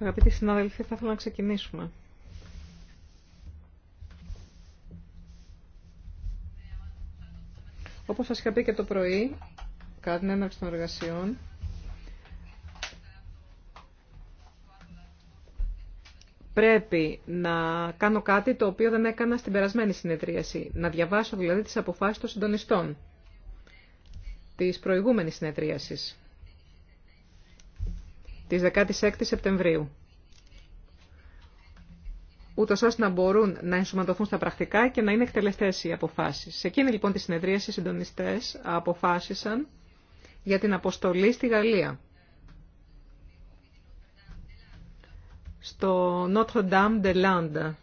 Αγαπητοί συνάδελφοι, θα ήθελα να ξεκινήσουμε. Όπως σας είχα πει και το πρωί, κατά την έναρξη των εργασιών, πρέπει να κάνω κάτι το οποίο δεν έκανα στην περασμένη συνεδρίαση. Να διαβάσω δηλαδή τις αποφάσεις των συντονιστών της προηγούμενης συνεδρίασης, της 16 Σεπτεμβρίου ούτω ώστε να μπορούν να ενσωματωθούν στα πρακτικά και να είναι εκτελεστέ οι αποφάσει. Σε εκείνη λοιπόν τη συνεδρίαση οι συντονιστέ αποφάσισαν για την αποστολή στη Γαλλία. Στο Notre Dame de Lande.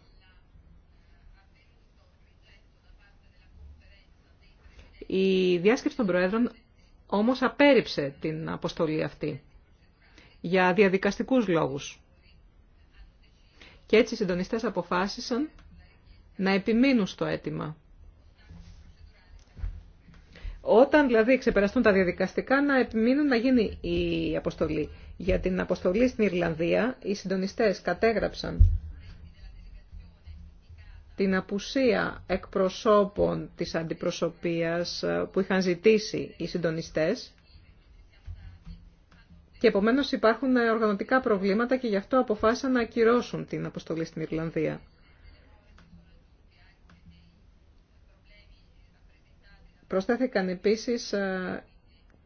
Η διάσκεψη των Προέδρων όμως απέρριψε την αποστολή αυτή για διαδικαστικούς λόγους. Και έτσι οι συντονιστές αποφάσισαν να επιμείνουν στο αίτημα. Όταν δηλαδή ξεπεραστούν τα διαδικαστικά να επιμείνουν να γίνει η αποστολή. Για την αποστολή στην Ιρλανδία οι συντονιστές κατέγραψαν την απουσία εκπροσώπων της αντιπροσωπείας που είχαν ζητήσει οι συντονιστές και επομένως υπάρχουν ε, οργανωτικά προβλήματα και γι' αυτό αποφάσισαν να ακυρώσουν την αποστολή στην Ιρλανδία. Προσθέθηκαν επίσης ε,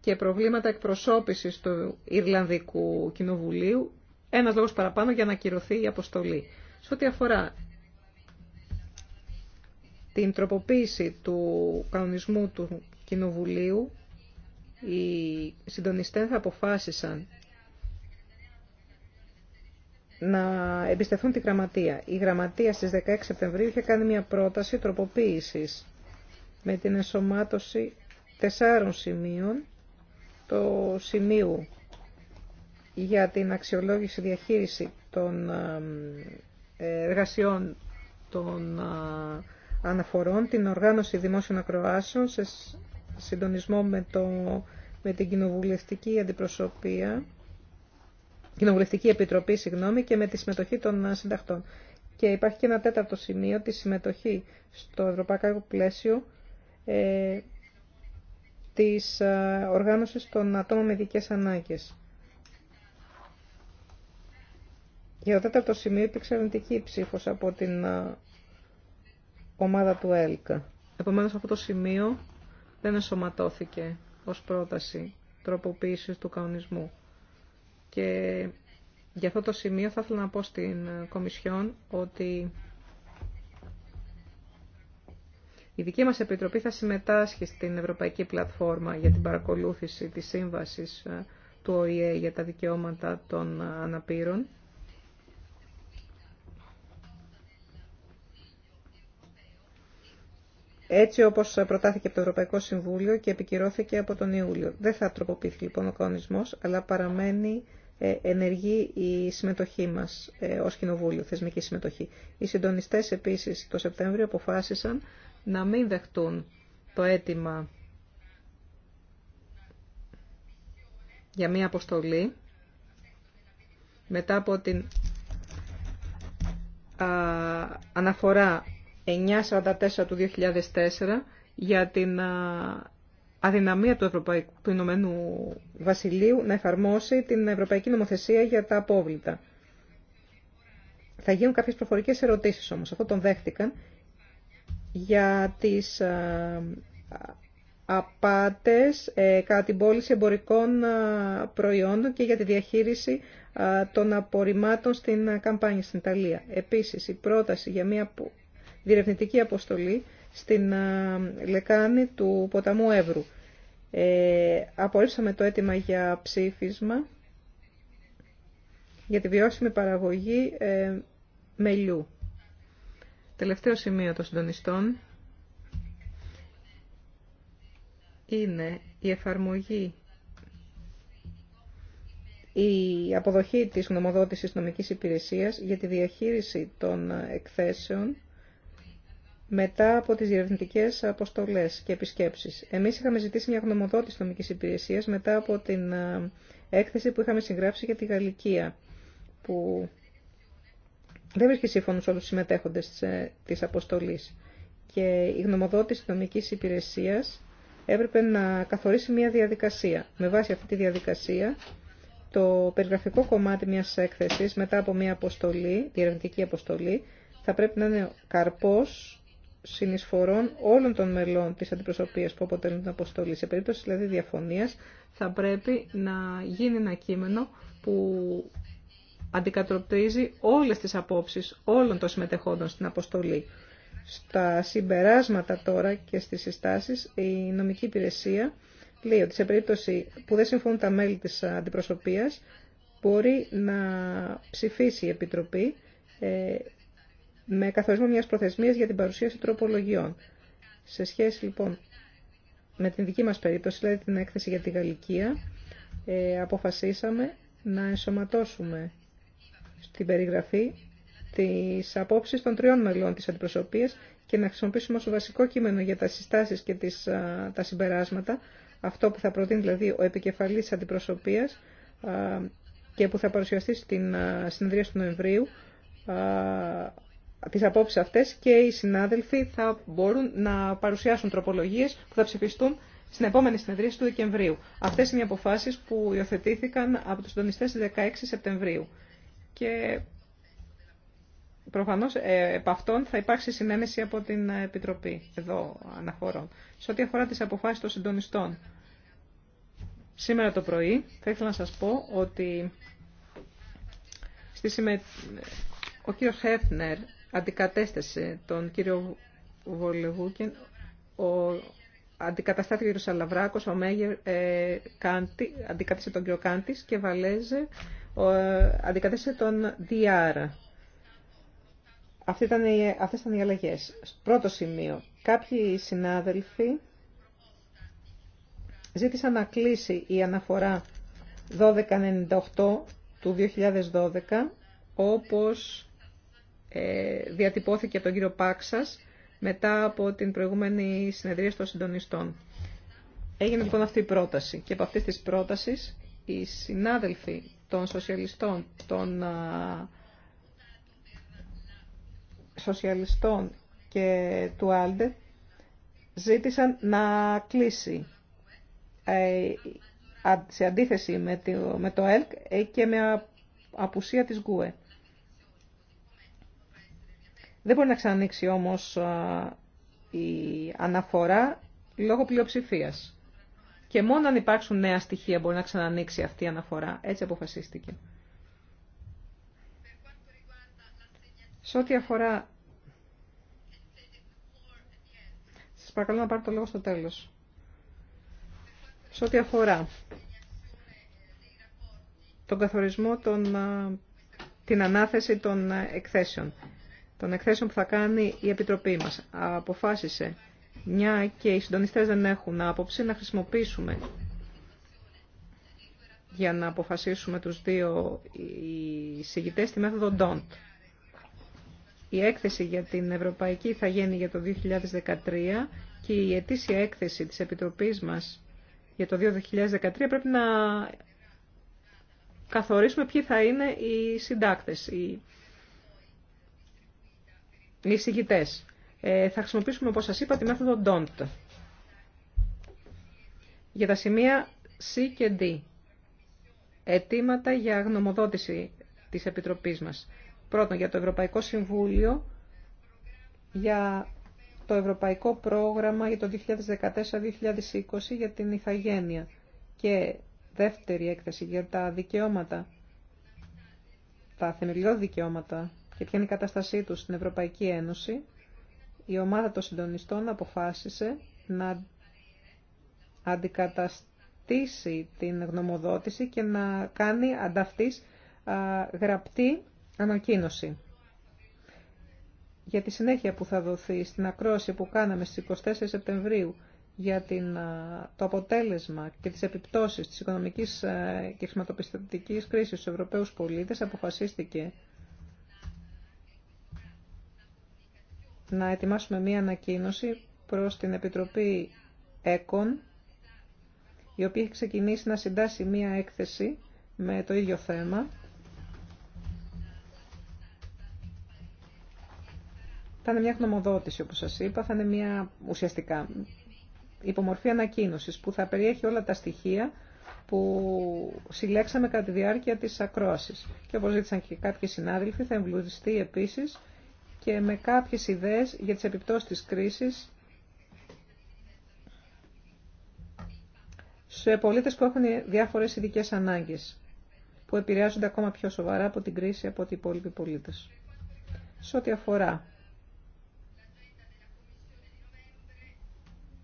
και προβλήματα εκπροσώπησης του Ιρλανδικού Κοινοβουλίου, ένας λόγος παραπάνω για να ακυρωθεί η αποστολή. Σε ό,τι αφορά την τροποποίηση του κανονισμού του Κοινοβουλίου, οι συντονιστές αποφάσισαν να εμπιστευτούν τη γραμματεία. Η γραμματεία στις 16 Σεπτεμβρίου είχε κάνει μια πρόταση τροποποίησης με την ενσωμάτωση τεσσάρων σημείων το σημείου για την αξιολόγηση διαχείριση των ε, εργασιών των ε, αναφορών, την οργάνωση δημόσιων ακροάσεων σε συντονισμό με, το, με την κοινοβουλευτική αντιπροσωπεία, κοινοβουλευτική επιτροπή, συγγνώμη, και με τη συμμετοχή των συντακτών. Και υπάρχει και ένα τέταρτο σημείο, τη συμμετοχή στο ευρωπαϊκό πλαίσιο ε, της ε, οργάνωσης των ατόμων με ειδικές ανάγκες. Για το τέταρτο σημείο υπήρξε αρνητική ψήφος από την ε, ομάδα του ΕΛΚΑ. Επομένως αυτό το σημείο δεν ενσωματώθηκε ως πρόταση τροποποίησης του κανονισμού. Και για αυτό το σημείο θα ήθελα να πω στην Κομισιόν ότι η δική μας Επιτροπή θα συμμετάσχει στην Ευρωπαϊκή Πλατφόρμα για την παρακολούθηση της σύμβασης του ΟΗΕ για τα δικαιώματα των αναπήρων έτσι όπως προτάθηκε από το Ευρωπαϊκό Συμβούλιο και επικυρώθηκε από τον Ιούλιο. Δεν θα τροποποιηθεί λοιπόν ο κανονισμός, αλλά παραμένει ε, ενεργή η συμμετοχή μας ε, ως Κοινοβούλιο, θεσμική συμμετοχή. Οι συντονιστές επίσης το Σεπτέμβριο αποφάσισαν να μην δεχτούν το αίτημα για μία αποστολή μετά από την αναφορά 944 του 2004 για την αδυναμία του, Ευρωπαϊκού, του Ηνωμένου Βασιλείου να εφαρμόσει την Ευρωπαϊκή Νομοθεσία για τα απόβλητα. Θα γίνουν κάποιες προφορικές ερωτήσεις όμως. Αυτό τον δέχτηκαν για τις απάτες ε, κατά την πώληση εμπορικών προϊόντων και για τη διαχείριση των απορριμμάτων στην καμπάνια στην Ιταλία. Επίσης, η πρόταση για μια διερευνητική αποστολή στην ε, λεκάνη του ποταμού Εύρου. Ε, απορρίψαμε το αίτημα για ψήφισμα για τη βιώσιμη παραγωγή ε, μελιού. Τελευταίο σημείο των συντονιστών είναι η εφαρμογή, η αποδοχή της γνωμοδότησης νομικής υπηρεσίας για τη διαχείριση των εκθέσεων μετά από τι διερευνητικέ αποστολέ και επισκέψει. Εμεί είχαμε ζητήσει μια γνωμοδότηση νομική υπηρεσία, μετά από την ε, έκθεση που είχαμε συγγράψει για τη Γαλλικία, που δεν βρίσκει σύμφωνο όλου του συμμετέχοντε τη ε, αποστολή. Και η γνωμοδότηση νομική υπηρεσία έπρεπε να καθορίσει μια διαδικασία. Με βάση αυτή τη διαδικασία, το περιγραφικό κομμάτι μια έκθεση, μετά από μια αποστολή, διερευνητική αποστολή, θα πρέπει να είναι καρπός συνεισφορών όλων των μελών της αντιπροσωπείας που αποτελούν την αποστολή. Σε περίπτωση δηλαδή διαφωνίας θα πρέπει να γίνει ένα κείμενο που αντικατοπτρίζει όλες τις απόψεις όλων των συμμετεχόντων στην αποστολή. Στα συμπεράσματα τώρα και στις συστάσεις η νομική υπηρεσία λέει ότι σε περίπτωση που δεν συμφωνούν τα μέλη της αντιπροσωπείας μπορεί να ψηφίσει η Επιτροπή ε, με καθορισμό μιας προθεσμίας για την παρουσίαση τροπολογιών. Σε σχέση λοιπόν με την δική μας περίπτωση, δηλαδή την έκθεση για τη Γαλλικία, ε, αποφασίσαμε να ενσωματώσουμε στην περιγραφή τις απόψεις των τριών μελών της αντιπροσωπείας και να χρησιμοποιήσουμε ως βασικό κείμενο για τα συστάσεις και τις, τα συμπεράσματα, αυτό που θα προτείνει δηλαδή ο επικεφαλής της αντιπροσωπείας α, και που θα παρουσιαστεί στην συνεδρία του Νοεμβρίου, τις απόψεις αυτές και οι συνάδελφοι θα μπορούν να παρουσιάσουν τροπολογίες που θα ψηφιστούν στην επόμενη συνεδρίαση του Δεκεμβρίου. Αυτές είναι οι αποφάσεις που υιοθετήθηκαν από τους συντονιστές στις 16 Σεπτεμβρίου. Και προφανώς ε, επ' αυτών θα υπάρξει συνένεση από την Επιτροπή, εδώ αναφορών. Σε ό,τι αφορά τις αποφάσεις των συντονιστών, σήμερα το πρωί θα ήθελα να σας πω ότι ο κύριος Χέφνερ αντικατέστησε τον κύριο Βολεγούκεν, ο αντικαταστάθηκε ο κύριος Σαλαβράκος, ο Μέγερ ε, Κάντι, αντικατέστησε τον κύριο Κάντης και Βαλέζε ο, αντικατέστησε τον Διάρα. Αυτή ήταν οι, αυτές ήταν οι αλλαγές. Πρώτο σημείο, κάποιοι συνάδελφοι ζήτησαν να κλείσει η αναφορά 1298 του 2012, όπως ε, διατυπώθηκε από τον κύριο Πάξας μετά από την προηγούμενη συνεδρία των συντονιστών. Έγινε λοιπόν αυτή η πρόταση και από αυτή της πρότασης οι συνάδελφοι των σοσιαλιστών, των σοσιαλιστών και του Άλντε ζήτησαν να κλείσει ε, σε αντίθεση με το ΕΛΚ ε, και με απουσία της ΓΚΟΕ. Δεν μπορεί να ξανανοίξει όμως η αναφορά λόγω πλειοψηφία. Και μόνο αν υπάρξουν νέα στοιχεία μπορεί να ξανανοίξει αυτή η αναφορά. Έτσι αποφασίστηκε. Σε ό,τι αφορά... Σας παρακαλώ να πάρω το λόγο στο τέλος. Σε ό,τι αφορά τον καθορισμό, των, την ανάθεση των εκθέσεων των εκθέσεων που θα κάνει η Επιτροπή μας αποφάσισε, μια και οι συντονιστές δεν έχουν άποψη, να χρησιμοποιήσουμε για να αποφασίσουμε τους δύο συγητές τη μέθοδο DONT. Η έκθεση για την Ευρωπαϊκή θα γίνει για το 2013 και η ετήσια έκθεση της Επιτροπής μας για το 2013 πρέπει να καθορίσουμε ποιοι θα είναι οι συντάκτες, οι ε, θα χρησιμοποιήσουμε, όπως σας είπα, τη μέθοδο DON'T. Για τα σημεία C και D. Ετήματα για γνωμοδότηση της Επιτροπής μας. Πρώτον, για το Ευρωπαϊκό Συμβούλιο, για το Ευρωπαϊκό Πρόγραμμα για το 2014-2020 για την Ιθαγένεια και δεύτερη έκθεση για τα δικαιώματα, τα θεμελιώδη δικαιώματα και ποια είναι η κατάστασή τους στην Ευρωπαϊκή Ένωση, η ομάδα των συντονιστών αποφάσισε να αντικαταστήσει την γνωμοδότηση και να κάνει ανταυτής γραπτή ανακοίνωση. Για τη συνέχεια που θα δοθεί στην ακρόαση που κάναμε στις 24 Σεπτεμβρίου για την, το αποτέλεσμα και τις επιπτώσεις της οικονομικής ε, και χρηματοπιστωτικής κρίσης στους Ευρωπαίους πολίτες αποφασίστηκε να ετοιμάσουμε μία ανακοίνωση προς την Επιτροπή ΕΚΟΝ, η οποία έχει ξεκινήσει να συντάσει μία έκθεση με το ίδιο θέμα. Θα είναι μια γνωμοδότηση, όπως σας είπα, θα είναι μια ουσιαστικά υπομορφή ανακοίνωσης που θα περιέχει όλα τα στοιχεία που συλλέξαμε κατά τη διάρκεια της ακρόασης. Και όπως ζήτησαν και κάποιοι συνάδελφοι, θα εμπλουτιστεί επίσης και με κάποιες ιδέες για τις επιπτώσεις της κρίσης σε πολίτες που έχουν διάφορες ειδικέ ανάγκες που επηρεάζονται ακόμα πιο σοβαρά από την κρίση από ό,τι οι υπόλοιποι πολίτες. Σε ό,τι αφορά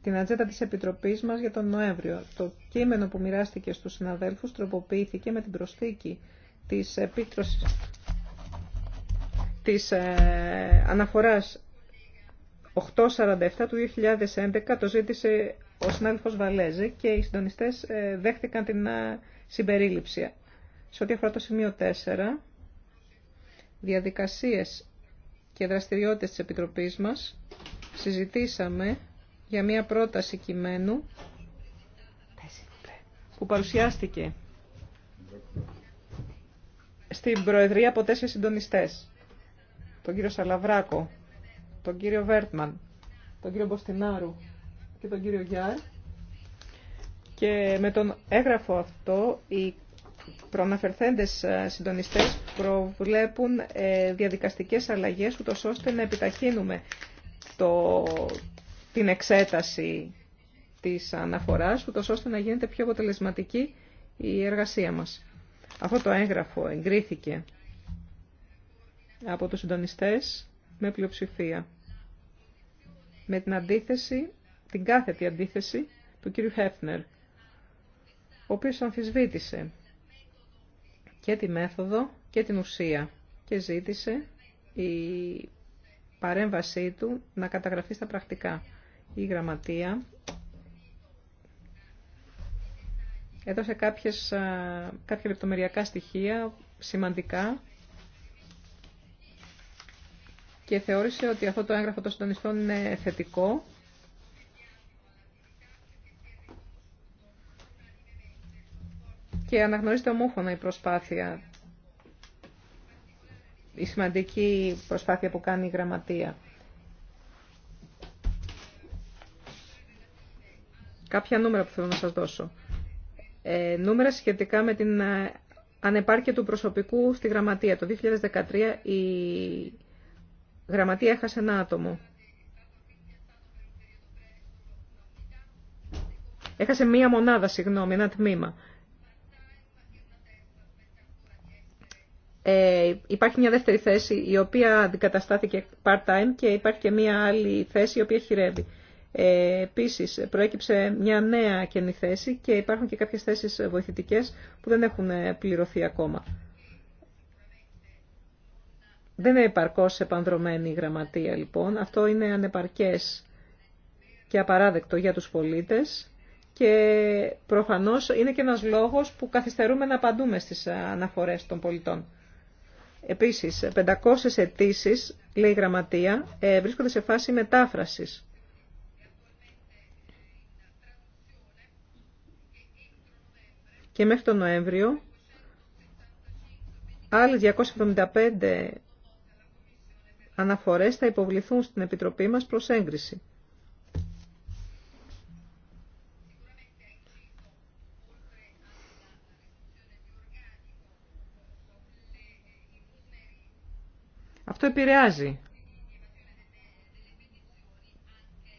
την ατζέντα της Επιτροπής μας για τον Νοέμβριο. Το κείμενο που μοιράστηκε στους συναδέλφους τροποποιήθηκε με την προσθήκη της επίκτρωσης της ε, αναφοράς 847 του 2011 το ζήτησε ο συνάδελφος Βαλέζη και οι συντονιστές ε, δέχτηκαν την ε, συμπερίληψη. Σε ό,τι αφορά το σημείο 4, διαδικασίες και δραστηριότητες της Επιτροπής μας, συζητήσαμε για μια πρόταση κειμένου που παρουσιάστηκε στην Προεδρία από τέσσερις συντονιστές τον κύριο Σαλαβράκο, τον κύριο Βέρτμαν, τον κύριο Μποστινάρου και τον κύριο Γιάρ. Και με τον έγγραφο αυτό οι προαναφερθέντες ε, συντονιστές προβλέπουν ε, διαδικαστικές αλλαγές ούτως ώστε να επιταχύνουμε το, την εξέταση της αναφοράς ούτως ώστε να γίνεται πιο αποτελεσματική η εργασία μας. Αυτό το έγγραφο εγκρίθηκε από τους συντονιστές με πλειοψηφία. Με την αντίθεση, την κάθετη αντίθεση του κύριου Χέφνερ, ο οποίος αμφισβήτησε και τη μέθοδο και την ουσία και ζήτησε η παρέμβασή του να καταγραφεί στα πρακτικά. Η γραμματεία έδωσε κάποιες, κάποια λεπτομεριακά στοιχεία σημαντικά και θεώρησε ότι αυτό το έγγραφο των συντονιστών είναι θετικό. Και αναγνωρίζεται ομόφωνα η προσπάθεια, η σημαντική προσπάθεια που κάνει η γραμματεία. Κάποια νούμερα που θέλω να σας δώσω. Ε, νούμερα σχετικά με την ε, ανεπάρκεια του προσωπικού στη γραμματεία. Το 2013 η γραμματεία έχασε ένα άτομο. Έχασε μία μονάδα, συγγνώμη, ένα τμήμα. Ε, υπάρχει μια δεύτερη θέση η οποία αντικαταστάθηκε part-time και υπάρχει και μια άλλη θέση η οποία χειρεύει. Ε, Επίση, προέκυψε μια νέα καινή θέση και υπάρχουν και κάποιες θέσεις βοηθητικές που δεν έχουν πληρωθεί ακόμα. Δεν είναι επαρκώς επανδρομένη η γραμματεία λοιπόν. Αυτό είναι ανεπαρκές και απαράδεκτο για τους πολίτες και προφανώς είναι και ένας λόγος που καθυστερούμε να απαντούμε στις αναφορές των πολιτών. Επίσης, 500 αιτήσει, λέει η γραμματεία, ε, βρίσκονται σε φάση μετάφρασης. Και μέχρι τον Νοέμβριο, άλλες 275 αναφορές θα υποβληθούν στην Επιτροπή μας προς έγκριση. Αυτό επηρεάζει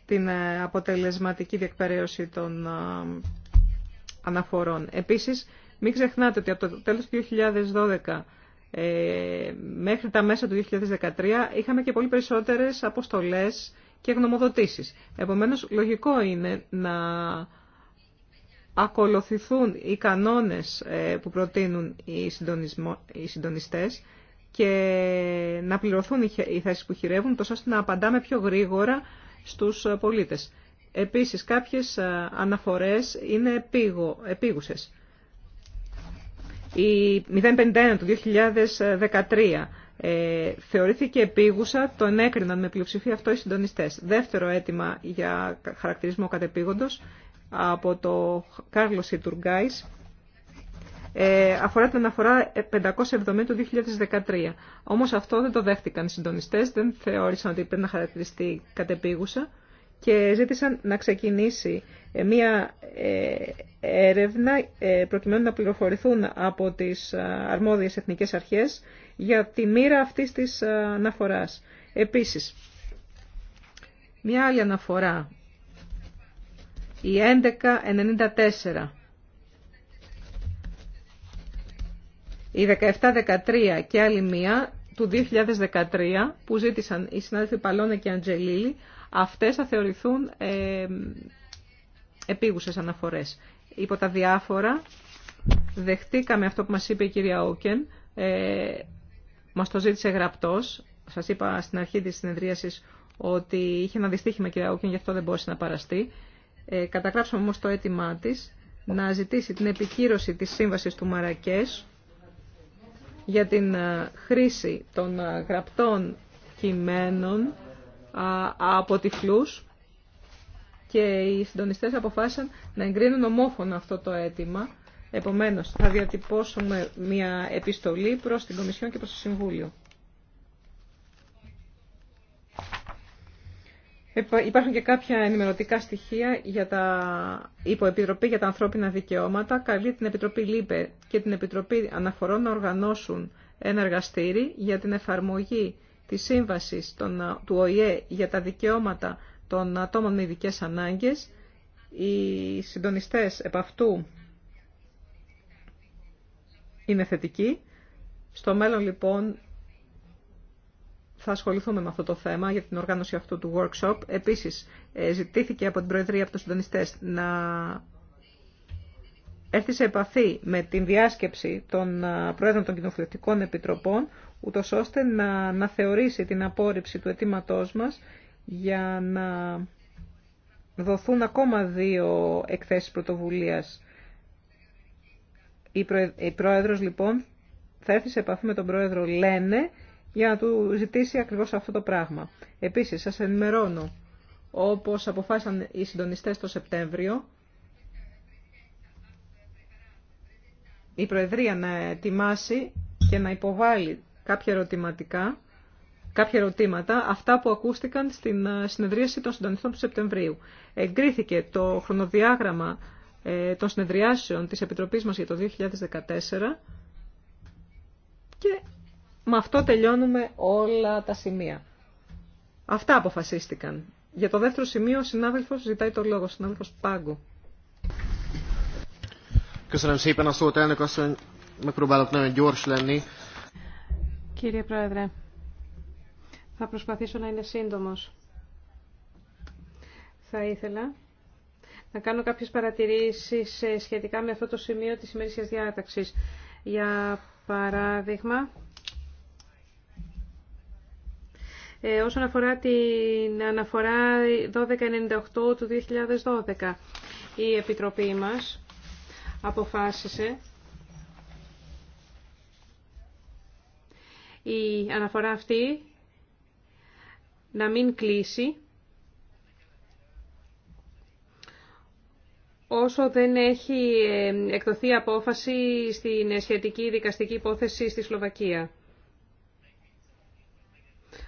την ε, αποτελεσματική διεκπαιρέωση των ε, αναφορών. Επίσης, μην ξεχνάτε ότι από το τέλος του 2012 ε, μέχρι τα μέσα του 2013 είχαμε και πολύ περισσότερες αποστολές και γνωμοδοτήσεις. Επομένως, λογικό είναι να ακολουθηθούν οι κανόνες ε, που προτείνουν οι συντονιστές και να πληρωθούν οι θέσεις που χειρεύουν, τόσο ώστε να απαντάμε πιο γρήγορα στους ε, πολίτες. Επίσης, κάποιες αναφορές είναι επίγουσες. Η 051 του 2013 ε, θεωρήθηκε επίγουσα, τον έκριναν με πλειοψηφία αυτό οι συντονιστές. Δεύτερο αίτημα για χαρακτηρισμό κατεπίγοντος από το Κάρλος Ιτουργκάης ε, αφορά την αναφορά 570 του 2013. Όμως αυτό δεν το δέχτηκαν οι συντονιστές, δεν θεώρησαν ότι πρέπει να χαρακτηριστεί κατεπήγουσα και ζήτησαν να ξεκινήσει ε, μία ε, έρευνα ε, προκειμένου να πληροφορηθούν από τις αρμόδιες εθνικές αρχές για τη μοίρα αυτής της αναφοράς. Επίσης, μία άλλη αναφορά, η 1194, η 1713 και άλλη μία του 2013 που ζήτησαν οι συνάδελφοι Παλώνε και Αντζελίλη αυτές θα θεωρηθούν ε, επίγουσες αναφορές. Υπό τα διάφορα, δεχτήκαμε αυτό που μας είπε η κυρία Όκεν, ε, μας το ζήτησε γραπτός. Σας είπα στην αρχή της συνεδρίασης ότι είχε ένα δυστύχημα κυρία Όκεν, γι' αυτό δεν μπορούσε να παραστεί. Ε, καταγράψαμε όμως το αίτημά της να ζητήσει την επικύρωση της σύμβασης του Μαρακές για την ε, χρήση των ε, γραπτών κειμένων από τυφλούς και οι συντονιστές αποφάσισαν να εγκρίνουν ομόφωνα αυτό το αίτημα. Επομένως, θα διατυπώσουμε μια επιστολή προς την Κομισιόν και προς το Συμβούλιο. Υπάρχουν και κάποια ενημερωτικά στοιχεία για τα υποεπιτροπή για τα ανθρώπινα δικαιώματα. Καλεί την Επιτροπή ΛΥΠΕ και την Επιτροπή Αναφορών να οργανώσουν ένα εργαστήρι για την εφαρμογή της Σύμβασης του ΟΗΕ για τα δικαιώματα των ατόμων με ειδικέ ανάγκες. Οι συντονιστές επ' αυτού είναι θετικοί. Στο μέλλον λοιπόν θα ασχοληθούμε με αυτό το θέμα για την οργάνωση αυτού του workshop. Επίσης ε, ζητήθηκε από την Προεδρία από τους συντονιστές να έρθει σε επαφή με την διάσκεψη των ε, Πρόεδρων των Κοινοβουλευτικών Επιτροπών, ούτω ώστε να, να θεωρήσει την απόρριψη του αιτήματό μας για να δοθούν ακόμα δύο εκθέσεις πρωτοβουλίας. Η Πρόεδρος λοιπόν θα έρθει σε επαφή με τον Πρόεδρο Λένε για να του ζητήσει ακριβώς αυτό το πράγμα. Επίσης σας ενημερώνω όπως αποφάσισαν οι συντονιστές το Σεπτέμβριο η Προεδρία να ετοιμάσει και να υποβάλει κάποια ερωτηματικά, κάποια ερωτήματα, αυτά που ακούστηκαν στην ε, συνεδρίαση των συντονιστών του Σεπτεμβρίου. Εγκρίθηκε το χρονοδιάγραμμα ε, των συνεδριάσεων της Επιτροπής μας για το 2014 και με αυτό τελειώνουμε όλα τα σημεία. Αυτά αποφασίστηκαν. Για το δεύτερο σημείο ο συνάδελφος ζητάει το λόγο, ο συνάδελφος Πάγκου. Köszönöm szépen elnök asszony. Megpróbálok nagyon gyors lenni. Κύριε Πρόεδρε, θα προσπαθήσω να είναι σύντομος. Θα ήθελα να κάνω κάποιες παρατηρήσεις ε, σχετικά με αυτό το σημείο της ημερήσιας διάταξης. Για παράδειγμα, ε, όσον αφορά την αναφορά 1298 του 2012, η Επιτροπή μας αποφάσισε η αναφορά αυτή να μην κλείσει όσο δεν έχει ε, εκδοθεί απόφαση στην σχετική δικαστική υπόθεση στη Σλοβακία.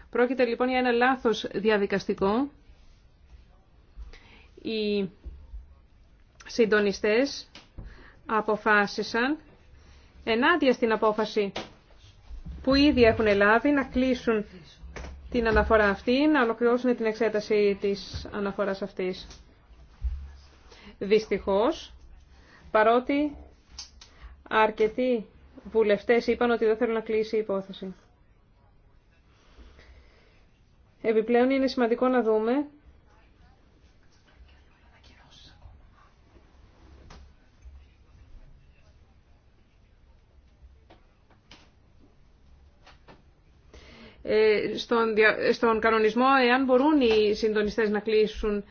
Πρόκειται λοιπόν για ένα λάθος διαδικαστικό. Οι συντονιστές αποφάσισαν ενάντια στην απόφαση που ήδη έχουν λάβει να κλείσουν την αναφορά αυτή, να ολοκληρώσουν την εξέταση της αναφοράς αυτής. Δυστυχώς, παρότι αρκετοί βουλευτές είπαν ότι δεν θέλουν να κλείσει η υπόθεση. Επιπλέον είναι σημαντικό να δούμε Ε, ε, στον κανονισμό εάν μπορούν οι συντονιστές να κλείσουν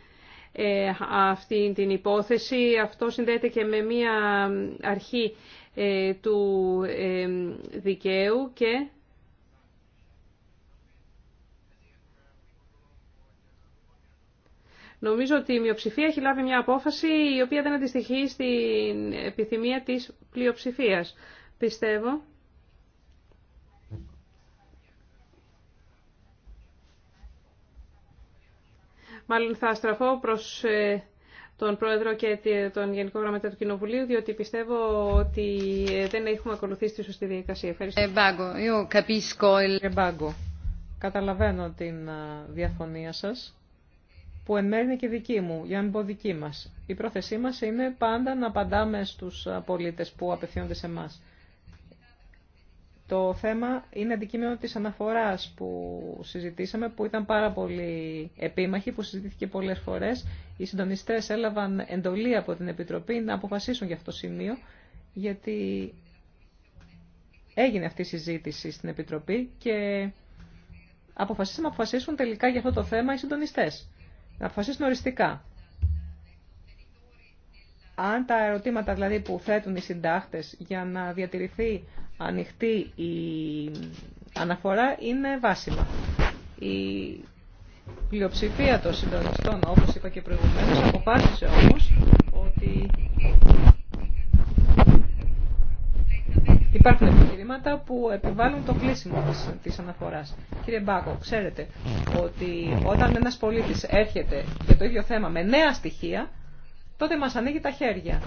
ε, αυτή την υπόθεση. Αυτό συνδέεται και με μία αρχή του δικαίου και νομίζω ότι η μειοψηφία έχει λάβει μια απόφαση η οποία δεν αντιστοιχεί στην επιθυμία της πλειοψηφίας. Πιστεύω Μάλλον θα στραφώ προς ε, τον Πρόεδρο και τον Γενικό Γραμματέα του Κοινοβουλίου, διότι πιστεύω ότι ε, δεν έχουμε ακολουθήσει τη σωστή διαδικασία. Ευχαριστώ. Εμπάγκο, καταλαβαίνω την ε, διαφωνία σας, που εν μέρει είναι και δική μου, για να μην πω δική μας. Η πρόθεσή μας είναι πάντα να απαντάμε στους πολίτες που απευθύνονται σε εμάς. Το θέμα είναι αντικείμενο της αναφοράς που συζητήσαμε, που ήταν πάρα πολύ επίμαχη, που συζητήθηκε πολλές φορές. Οι συντονιστές έλαβαν εντολή από την Επιτροπή να αποφασίσουν για αυτό το σημείο, γιατί έγινε αυτή η συζήτηση στην Επιτροπή και αποφασίσαν να αποφασίσουν τελικά για αυτό το θέμα οι συντονιστές. Να αποφασίσουν οριστικά. Αν τα ερωτήματα δηλαδή που θέτουν οι συντάχτες για να διατηρηθεί ανοιχτή η αναφορά είναι βάσιμα. Η πλειοψηφία των συντονιστών, όπως είπα και προηγουμένως, αποφάσισε όμως ότι υπάρχουν επιχειρήματα που επιβάλλουν το κλείσιμο της, της αναφοράς. Κύριε Μπάκο, ξέρετε ότι όταν ένας πολίτης έρχεται για το ίδιο θέμα με νέα στοιχεία, τότε μας ανοίγει τα χέρια.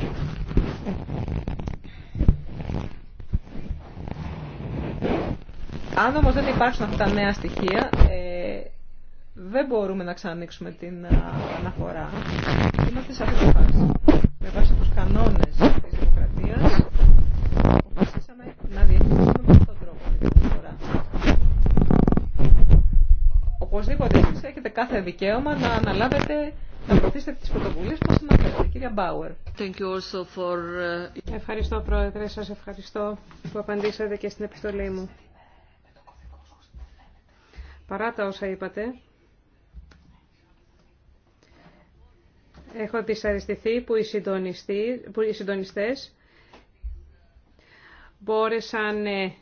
Αν όμως δεν υπάρξουν αυτά τα νέα στοιχεία, ε, δεν μπορούμε να ξανανοίξουμε την ε, αναφορά. Είμαστε σε αυτή τη φάση. Με βάση τους κανόνες της δημοκρατίας, αποφασίσαμε να διευθυνθούμε με αυτόν τον τρόπο την αναφορά. Οπωσδήποτε εσείς έχετε κάθε δικαίωμα να αναλάβετε να προωθήσετε τις πρωτοβουλίες που αναφέρετε. Κυρία Μπάουερ. Thank you ε, Ευχαριστώ Πρόεδρε, σας ευχαριστώ που απαντήσατε και στην επιστολή μου παρά τα όσα είπατε, έχω δυσαρεστηθεί που οι, που οι συντονιστές μπόρεσαν ε,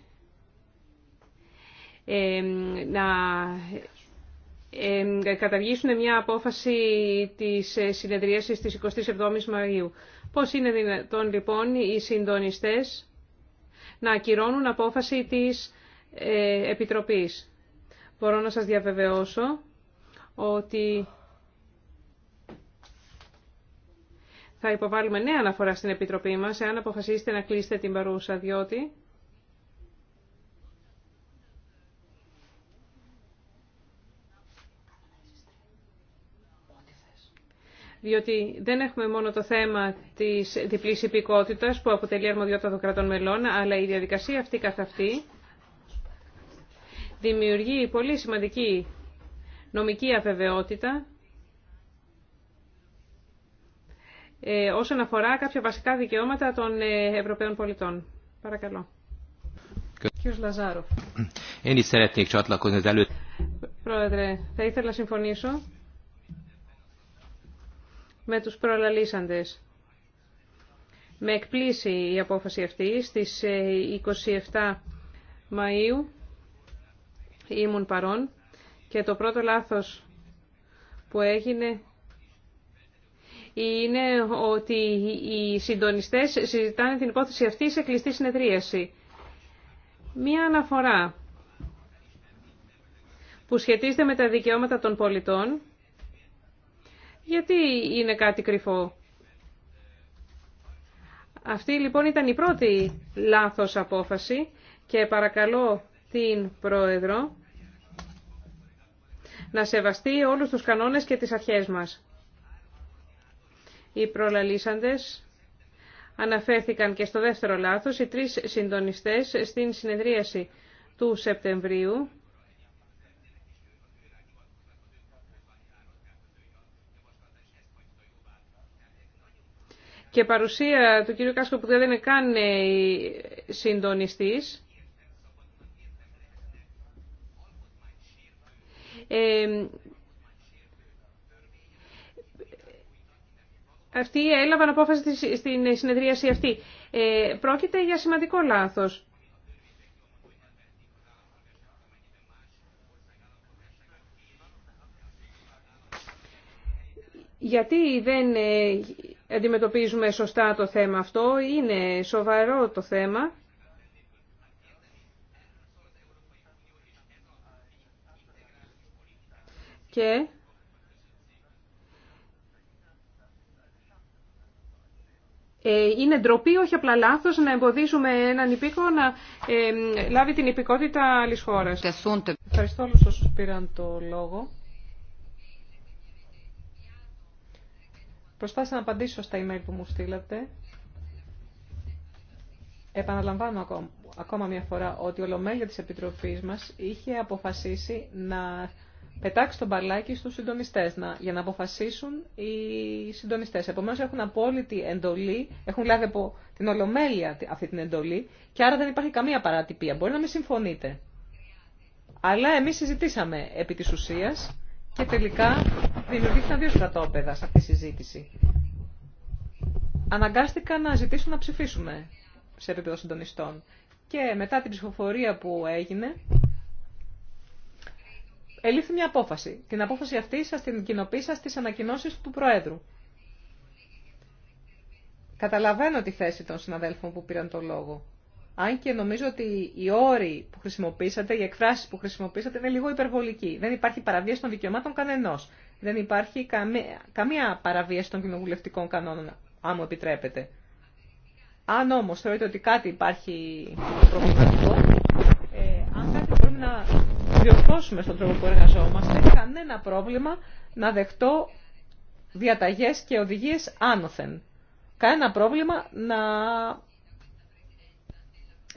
ε, να ε, ε, καταργήσουν μια απόφαση της συνεδρίασης της 27ης Μαΐου. Πώς είναι δυνατόν λοιπόν οι συντονιστές να ακυρώνουν απόφαση της Επιτροπής μπορώ να σας διαβεβαιώσω ότι θα υποβάλουμε νέα αναφορά στην Επιτροπή μας, εάν αποφασίσετε να κλείσετε την παρούσα, διότι... δεν έχουμε μόνο το θέμα της διπλής υπηκότητας που αποτελεί αρμοδιότητα των κρατών μελών, αλλά η διαδικασία αυτή καθ' αυτή δημιουργεί πολύ σημαντική νομική αβεβαιότητα ε, όσον αφορά κάποια βασικά δικαιώματα των ε, Ευρωπαίων πολιτών. Παρακαλώ. Κύριος Λαζάροφ. Πρόεδρε, θα ήθελα να συμφωνήσω με τους προλαλήσαντες. Με εκπλήσει η απόφαση αυτή στις 27 ε, Μαΐου ήμουν παρόν και το πρώτο λάθος που έγινε είναι ότι οι συντονιστές συζητάνε την υπόθεση αυτή σε κλειστή συνεδρίαση. Μία αναφορά που σχετίζεται με τα δικαιώματα των πολιτών, γιατί είναι κάτι κρυφό. Αυτή λοιπόν ήταν η πρώτη λάθος απόφαση και παρακαλώ την Πρόεδρο να σεβαστεί όλους τους κανόνες και τις αρχές μας. Οι προλαλήσαντες αναφέρθηκαν και στο δεύτερο λάθος οι τρεις συντονιστές στην συνεδρίαση του Σεπτεμβρίου και παρουσία του κ. Κάσκο που δεν είναι καν ε, συντονιστής αυτοί έλαβαν απόφαση στην συνεδρίαση αυτή. Ε, πρόκειται για σημαντικό λάθος. Γιατί δεν ε, αντιμετωπίζουμε σωστά το θέμα αυτό, είναι σοβαρό το θέμα. και ε, είναι ντροπή, όχι απλά λάθο, να εμποδίσουμε έναν υπήκο να ε, λάβει την υπηκότητα άλλη χώρα. Ευχαριστώ όλου όσου πήραν το λόγο. Προσπάθησα να απαντήσω στα email που μου στείλατε. Επαναλαμβάνω ακόμα, μια φορά ότι ο της Επιτροφής μας είχε αποφασίσει να πετάξει το μπαλάκι στους συντονιστές να, για να αποφασίσουν οι συντονιστές. Επομένως έχουν απόλυτη εντολή, έχουν λάβει από την ολομέλεια αυτή την εντολή και άρα δεν υπάρχει καμία παράτυπία. Μπορεί να μην συμφωνείτε. Αλλά εμείς συζητήσαμε επί της ουσίας και τελικά δημιουργήθηκαν δύο στρατόπεδα σε αυτή τη συζήτηση. Αναγκάστηκα να ζητήσουν να ψηφίσουμε σε επίπεδο συντονιστών. Και μετά την ψηφοφορία που έγινε, ελήφθη μια απόφαση. Την απόφαση αυτή σας την κοινοποίησα στις ανακοινώσεις του Προέδρου. Καταλαβαίνω τη θέση των συναδέλφων που πήραν το λόγο. Αν και νομίζω ότι οι όροι που χρησιμοποίησατε, οι εκφράσει που χρησιμοποίησατε είναι λίγο υπερβολικοί. Δεν υπάρχει παραβίαση των δικαιωμάτων κανενό. Δεν υπάρχει καμία, καμία παραβίαση των κοινοβουλευτικών κανόνων, αν μου επιτρέπετε. Αν όμω θεωρείτε ότι κάτι υπάρχει προβληματικό, διορθώσουμε στον τρόπο που εργαζόμαστε, κανένα πρόβλημα να δεχτώ διαταγές και οδηγίες άνωθεν. Κανένα πρόβλημα να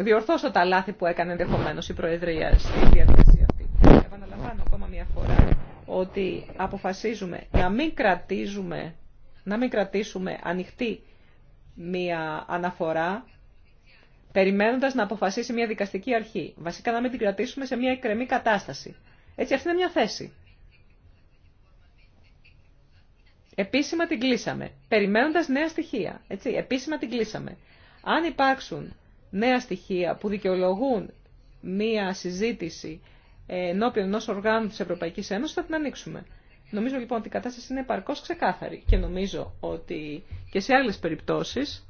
διορθώσω τα λάθη που έκανε ενδεχομένω η Προεδρία στη διαδικασία αυτή. Επαναλαμβάνω ακόμα μια φορά ότι αποφασίζουμε να μην, κρατήσουμε, να μην κρατήσουμε ανοιχτή μια αναφορά περιμένοντας να αποφασίσει μια δικαστική αρχή. Βασικά να μην την κρατήσουμε σε μια εκκρεμή κατάσταση. Έτσι αυτή είναι μια θέση. Επίσημα την κλείσαμε, περιμένοντας νέα στοιχεία. Έτσι, επίσημα την κλείσαμε. Αν υπάρξουν νέα στοιχεία που δικαιολογούν μία συζήτηση ε, ενώπιον ενό οργάνου τη Ευρωπαϊκή Ένωση, θα την ανοίξουμε. Νομίζω λοιπόν ότι η κατάσταση είναι παρκώς ξεκάθαρη και νομίζω ότι και σε άλλες περιπτώσεις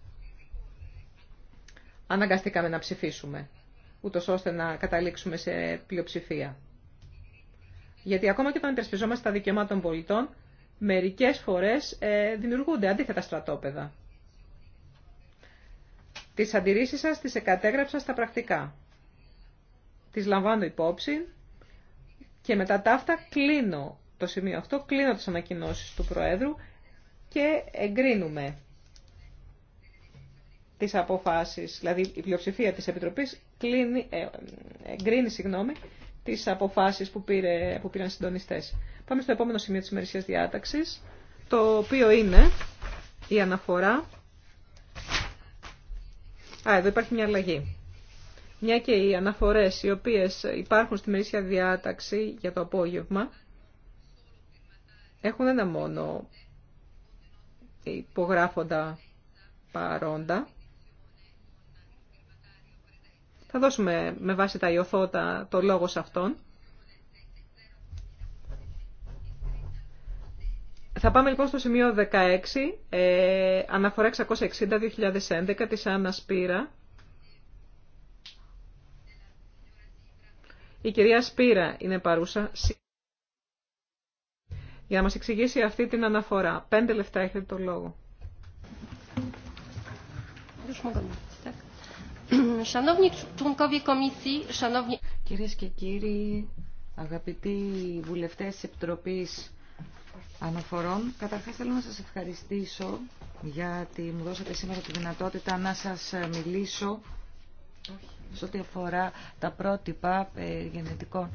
αναγκαστήκαμε να ψηφίσουμε, ούτως ώστε να καταλήξουμε σε πλειοψηφία. Γιατί ακόμα και όταν υπερασπιζόμαστε τα δικαιώματα των πολιτών, μερικές φορές ε, δημιουργούνται αντίθετα στρατόπεδα. Τις αντιρρήσεις σας τις εκατέγραψα στα πρακτικά. Τις λαμβάνω υπόψη και μετά τα αυτά κλείνω το σημείο αυτό, κλείνω τις ανακοινώσεις του Προέδρου και εγκρίνουμε τις αποφάσεις, δηλαδή η πλειοψηφία της Επιτροπής κλείνει, ε, εγκρίνει συγγνώμη, αποφάσεις που, πήρε, που πήραν συντονιστές. Πάμε στο επόμενο σημείο της ημερησίας διάταξης, το οποίο είναι η αναφορά. Α, εδώ υπάρχει μια αλλαγή. Μια και οι αναφορές οι οποίες υπάρχουν στη ημερησία διάταξη για το απόγευμα, έχουν ένα μόνο υπογράφοντα παρόντα θα δώσουμε με βάση τα ιωθώτα το λόγο σε αυτόν. Θα πάμε λοιπόν στο σημείο 16, ε, αναφορά 660-2011 της Άννα Σπύρα. Η κυρία Σπύρα είναι παρούσα για να μας εξηγήσει αυτή την αναφορά. Πέντε λεφτά έχετε το λόγο. Κυρίες και κύριοι, αγαπητοί βουλευτές της Επιτροπής Αναφορών, καταρχάς θέλω να σας ευχαριστήσω γιατί μου δώσατε σήμερα τη δυνατότητα να σας μιλήσω σε ό,τι αφορά τα πρότυπα ε, γενετικών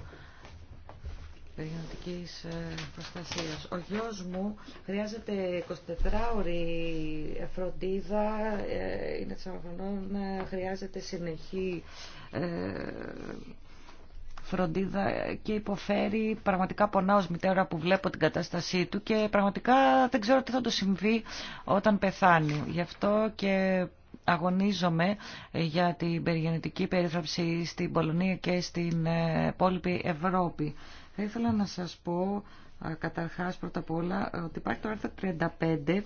περιοδικής ε, προστασίας. Ο γιος μου χρειάζεται 24 ώρη φροντίδα, ε, είναι τσαγωνών, ε, χρειάζεται συνεχή φροντίδα και υποφέρει. Πραγματικά πονάω ως μητέρα που βλέπω την κατάστασή του και πραγματικά δεν ξέρω τι θα το συμβεί όταν πεθάνει. Γι' αυτό και αγωνίζομαι για την περιγεννητική περίθραψη στην Πολωνία και στην υπόλοιπη Ευρώπη. Θα ήθελα να σας πω καταρχάς πρώτα απ' όλα ότι υπάρχει το άρθρο 35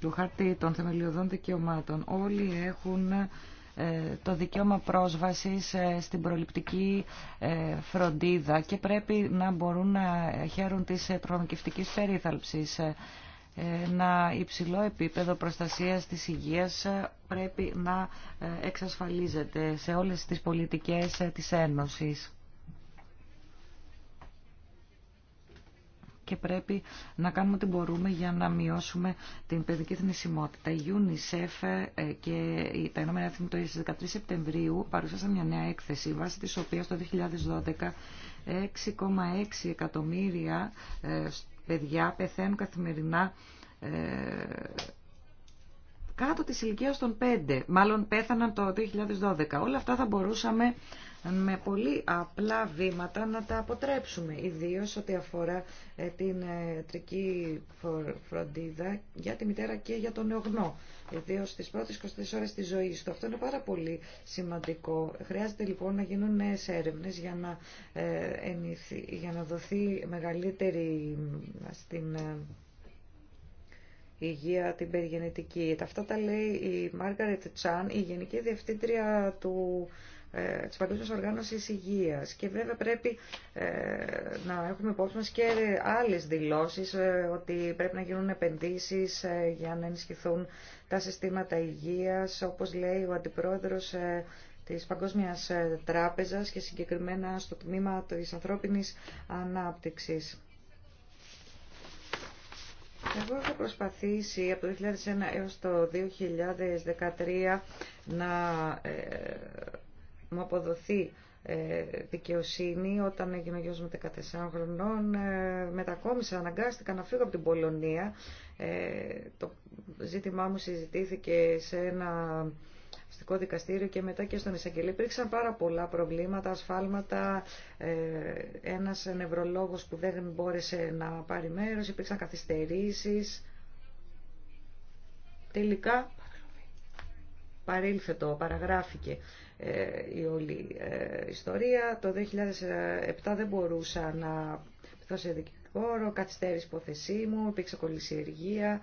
του χαρτί των θεμελιωδών δικαιωμάτων. Όλοι έχουν ε, το δικαίωμα πρόσβασης ε, στην προληπτική ε, φροντίδα και πρέπει να μπορούν να χαίρουν της προγραμματικής περίθαλψης. Ένα υψηλό επίπεδο προστασίας της υγείας πρέπει να εξασφαλίζεται σε όλες τις πολιτικές της Ένωσης. και πρέπει να κάνουμε ό,τι μπορούμε για να μειώσουμε την παιδική θνησιμότητα. Η UNICEF ε, και τα Ηνωμένα Έθνη το 13 Σεπτεμβρίου παρουσίασαν μια νέα έκθεση βάσει της οποίας το 2012 6,6 εκατομμύρια ε, παιδιά πεθαίνουν καθημερινά ε, κάτω της ηλικίας των 5. Μάλλον πέθαναν το 2012. Όλα αυτά θα μπορούσαμε με πολύ απλά βήματα να τα αποτρέψουμε, ιδίως ό,τι αφορά ε, την ε, τρική φροντίδα για τη μητέρα και για τον νεογνό ιδίως στις πρώτες 24 ώρες της ζωής του. Αυτό είναι πάρα πολύ σημαντικό. Χρειάζεται λοιπόν να γίνουν νέε έρευνες για να, ε, για να δοθεί μεγαλύτερη στην υγεία, την περιγενετική. Αυτά τα λέει η Μάργαρετ Τσάν, η Γενική Διευθύντρια του ε, της Παγκόσμιας Οργάνωσης Υγείας. Και βέβαια πρέπει ε, να έχουμε υπόψη μας και άλλες δηλώσεις ε, ότι πρέπει να γίνουν επενδύσεις για να ενισχυθούν τα συστήματα υγείας, όπως λέει ο Αντιπρόεδρος της Παγκόσμιας Τράπεζας και συγκεκριμένα στο τμήμα της ανθρώπινης ανάπτυξης. Εγώ έχω προσπαθήσει από το 2001 έως το 2013 να μου αποδοθεί ε, δικαιοσύνη όταν έγινε γιος μου 14 χρονών ε, μετακόμισα, αναγκάστηκα να φύγω από την Πολωνία ε, το ζήτημά μου συζητήθηκε σε ένα αστικό δικαστήριο και μετά και στον εισαγγελέα υπήρξαν πάρα πολλά προβλήματα, ασφάλματα ένας νευρολόγος που δεν μπόρεσε να πάρει μέρος υπήρξαν καθυστερήσεις τελικά παρήλθε το, παραγράφηκε ε, η όλη ε, ιστορία. Το 2007 δεν μπορούσα να πιθώ σε δικηγόρο, καθυστέρησε υποθεσή μου, υπήρξε κολλησιεργία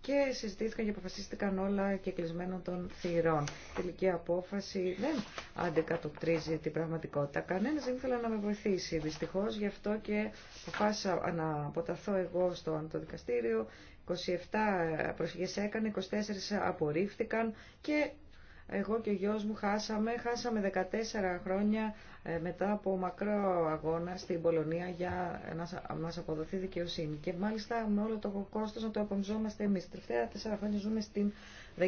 και συζητήθηκαν και αποφασίστηκαν όλα και κλεισμένων των θυρών. Η τελική απόφαση δεν αντικατοπτρίζει την πραγματικότητα. Κανένα δεν ήθελα να με βοηθήσει δυστυχώ, γι' αυτό και αποφάσισα να αποταθώ εγώ στο δικαστήριο. 27 προσφυγές έκανε, 24 απορρίφθηκαν και εγώ και ο γιος μου χάσαμε, χάσαμε 14 χρόνια ε, μετά από μακρό αγώνα στην Πολωνία για να μας αποδοθεί δικαιοσύνη. Και μάλιστα με όλο το κόστος να το απομιζόμαστε εμείς. Τελευταία 4 χρόνια ζούμε στην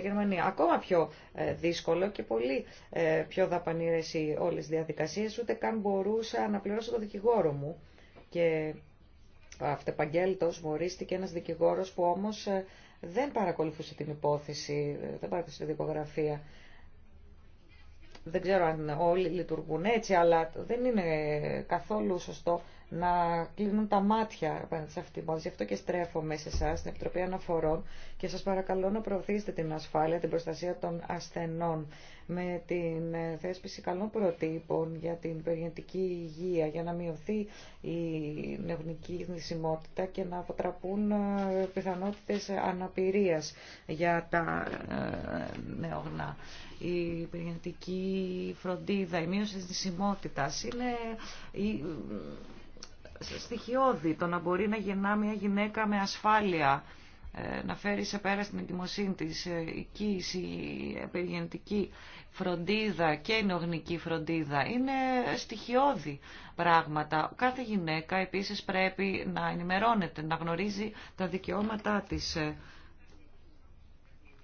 Γερμανία. Ακόμα πιο ε, δύσκολο και πολύ ε, πιο δαπανήρες οι όλες οι διαδικασίες. Ούτε καν μπορούσα να πληρώσω το δικηγόρο μου. Και αυτεπαγγέλτος μου ορίστηκε ένας δικηγόρος που όμως δεν παρακολουθούσε την υπόθεση, δεν παρακολουθούσε τη δικογραφία δεν ξέρω αν όλοι λειτουργούν έτσι, αλλά δεν είναι καθόλου σωστό να κλείνουν τα μάτια απέναντι σε πόλη. Γι' αυτό και στρέφομαι σε εσά, στην Επιτροπή Αναφορών, και σα παρακαλώ να προωθήσετε την ασφάλεια, την προστασία των ασθενών με την ε, θέσπιση καλών προτύπων για την περιεντική υγεία, για να μειωθεί η νευνική νησιμότητα και να αποτραπούν ε, πιθανότητες αναπηρίας για τα ε, νεογνά. Η περιεντική φροντίδα, η μείωση της θνησιμότητας είναι στοιχειώδη το να μπορεί να γεννά μια γυναίκα με ασφάλεια να φέρει σε πέρα στην εγκυμοσύνη της η η περιγεννητική φροντίδα και η φροντίδα είναι στοιχειώδη πράγματα. Κάθε γυναίκα επίσης πρέπει να ενημερώνεται, να γνωρίζει τα δικαιώματά της ε,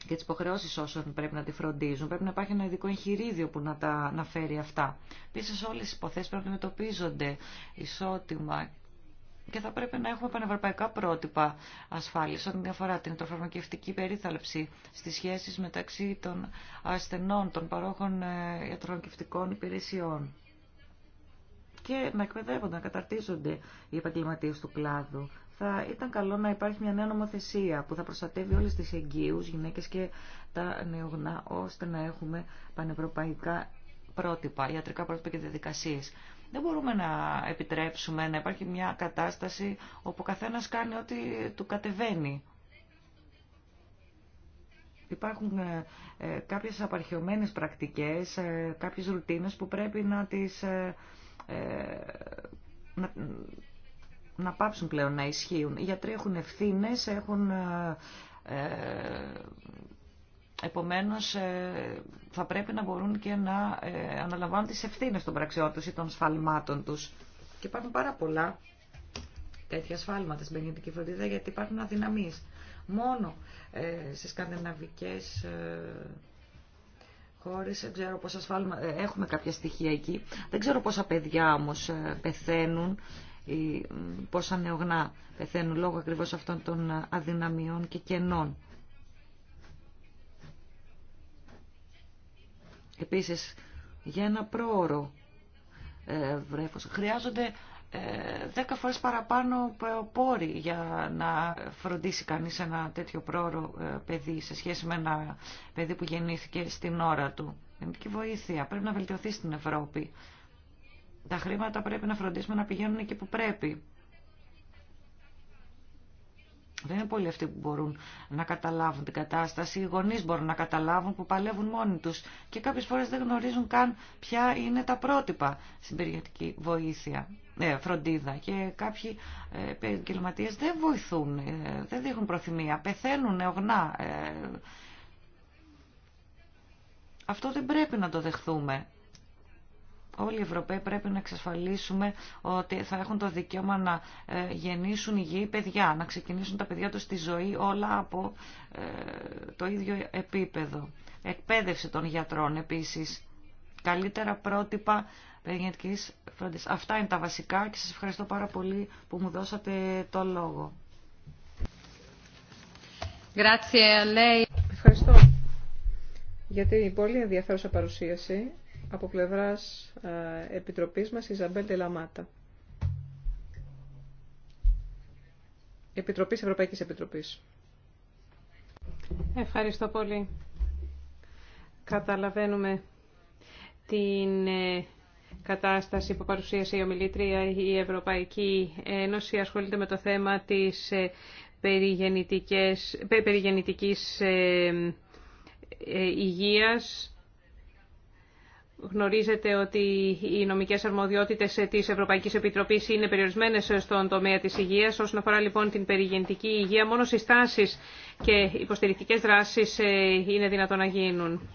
και τις υποχρεώσει όσων πρέπει να τη φροντίζουν. Πρέπει να υπάρχει ένα ειδικό εγχειρίδιο που να τα αναφέρει αυτά. Επίσης όλες οι υποθέσεις πρέπει να αντιμετωπίζονται ισότιμα και θα πρέπει να έχουμε πανευρωπαϊκά πρότυπα ασφάλεια ό,τι αφορά την τροφαρμακευτική περίθαλψη στι σχέσει μεταξύ των ασθενών, των παρόχων ε, ιατροφαρμακευτικών υπηρεσιών. Και να εκπαιδεύονται, να καταρτίζονται οι επαγγελματίε του κλάδου. Θα ήταν καλό να υπάρχει μια νέα νομοθεσία που θα προστατεύει όλε τι εγγύου, γυναίκε και τα νεογνά, ώστε να έχουμε πανευρωπαϊκά πρότυπα, ιατρικά πρότυπα και διαδικασίε. Δεν μπορούμε να επιτρέψουμε να υπάρχει μια κατάσταση όπου ο καθένας κάνει ό,τι του κατεβαίνει. Υπάρχουν ε, ε, κάποιες απαρχαιωμένες πρακτικές, ε, κάποιες ρουτίνες που πρέπει να τις... Ε, ε να, πάψουν πλέον να ισχύουν. Οι γιατροί έχουν ευθύνες, έχουν ε, Επομένως ε, θα πρέπει να μπορούν και να ε, αναλαμβάνουν τις ευθύνες των πραξιών τους ή των σφαλμάτων τους. Και υπάρχουν πάρα πολλά τέτοια σφάλματα στην Πενιντική Φροντίδα γιατί υπάρχουν αδυναμίες. Μόνο ε, στις σκανδιναβικές ε, χώρες, δεν ξέρω έχουμε κάποια στοιχεία εκεί, δεν ξέρω πόσα παιδιά όμως πεθαίνουν ή πόσα νεογνά πεθαίνουν λόγω ακριβώς αυτών των αδυναμιών και κενών. Επίσης, για ένα πρόωρο ε, βρέφος χρειάζονται 10 ε, φορές παραπάνω πόροι για να φροντίσει κανείς ένα τέτοιο πρόωρο ε, παιδί σε σχέση με ένα παιδί που γεννήθηκε στην ώρα του. και βοήθεια πρέπει να βελτιωθεί στην Ευρώπη. Τα χρήματα πρέπει να φροντίσουμε να πηγαίνουν εκεί που πρέπει. Δεν είναι πολλοί αυτοί που μπορούν να καταλάβουν την κατάσταση. Οι γονείς μπορούν να καταλάβουν που παλεύουν μόνοι τους και κάποιες φορές δεν γνωρίζουν καν ποια είναι τα πρότυπα στην περιοχική βοήθεια, ε, φροντίδα. Και κάποιοι ε, επαγγελματίε δεν βοηθούν, ε, δεν δείχνουν προθυμία, πεθαίνουν νεογνά. αυτό δεν πρέπει να το δεχθούμε. Όλοι οι Ευρωπαίοι πρέπει να εξασφαλίσουμε ότι θα έχουν το δικαίωμα να ε, γεννήσουν υγιή παιδιά, να ξεκινήσουν τα παιδιά τους στη ζωή όλα από ε, το ίδιο επίπεδο. Εκπαίδευση των γιατρών επίσης. Καλύτερα πρότυπα ε, γενετικής φροντίδας. Αυτά είναι τα βασικά και σας ευχαριστώ πάρα πολύ που μου δώσατε το λόγο. Ευχαριστώ για την πολύ ενδιαφέρουσα παρουσίαση από πλευράς ε, Επιτροπής μας, η Ζαμπέλ Τελαμάτα. Επιτροπής Ευρωπαϊκής Επιτροπής. Ευχαριστώ πολύ. Καταλαβαίνουμε την ε, κατάσταση που παρουσίασε η ομιλήτρια η Ευρωπαϊκή Ένωση ασχολείται με το θέμα της ε, περιγεννητικής υγείας Γνωρίζετε ότι οι νομικές αρμοδιότητες της Ευρωπαϊκής Επιτροπής είναι περιορισμένες στον τομέα της υγείας. Όσον αφορά λοιπόν την περιγεννητική υγεία, μόνο συστάσεις και υποστηρικτικές δράσεις ε, είναι δυνατόν να γίνουν.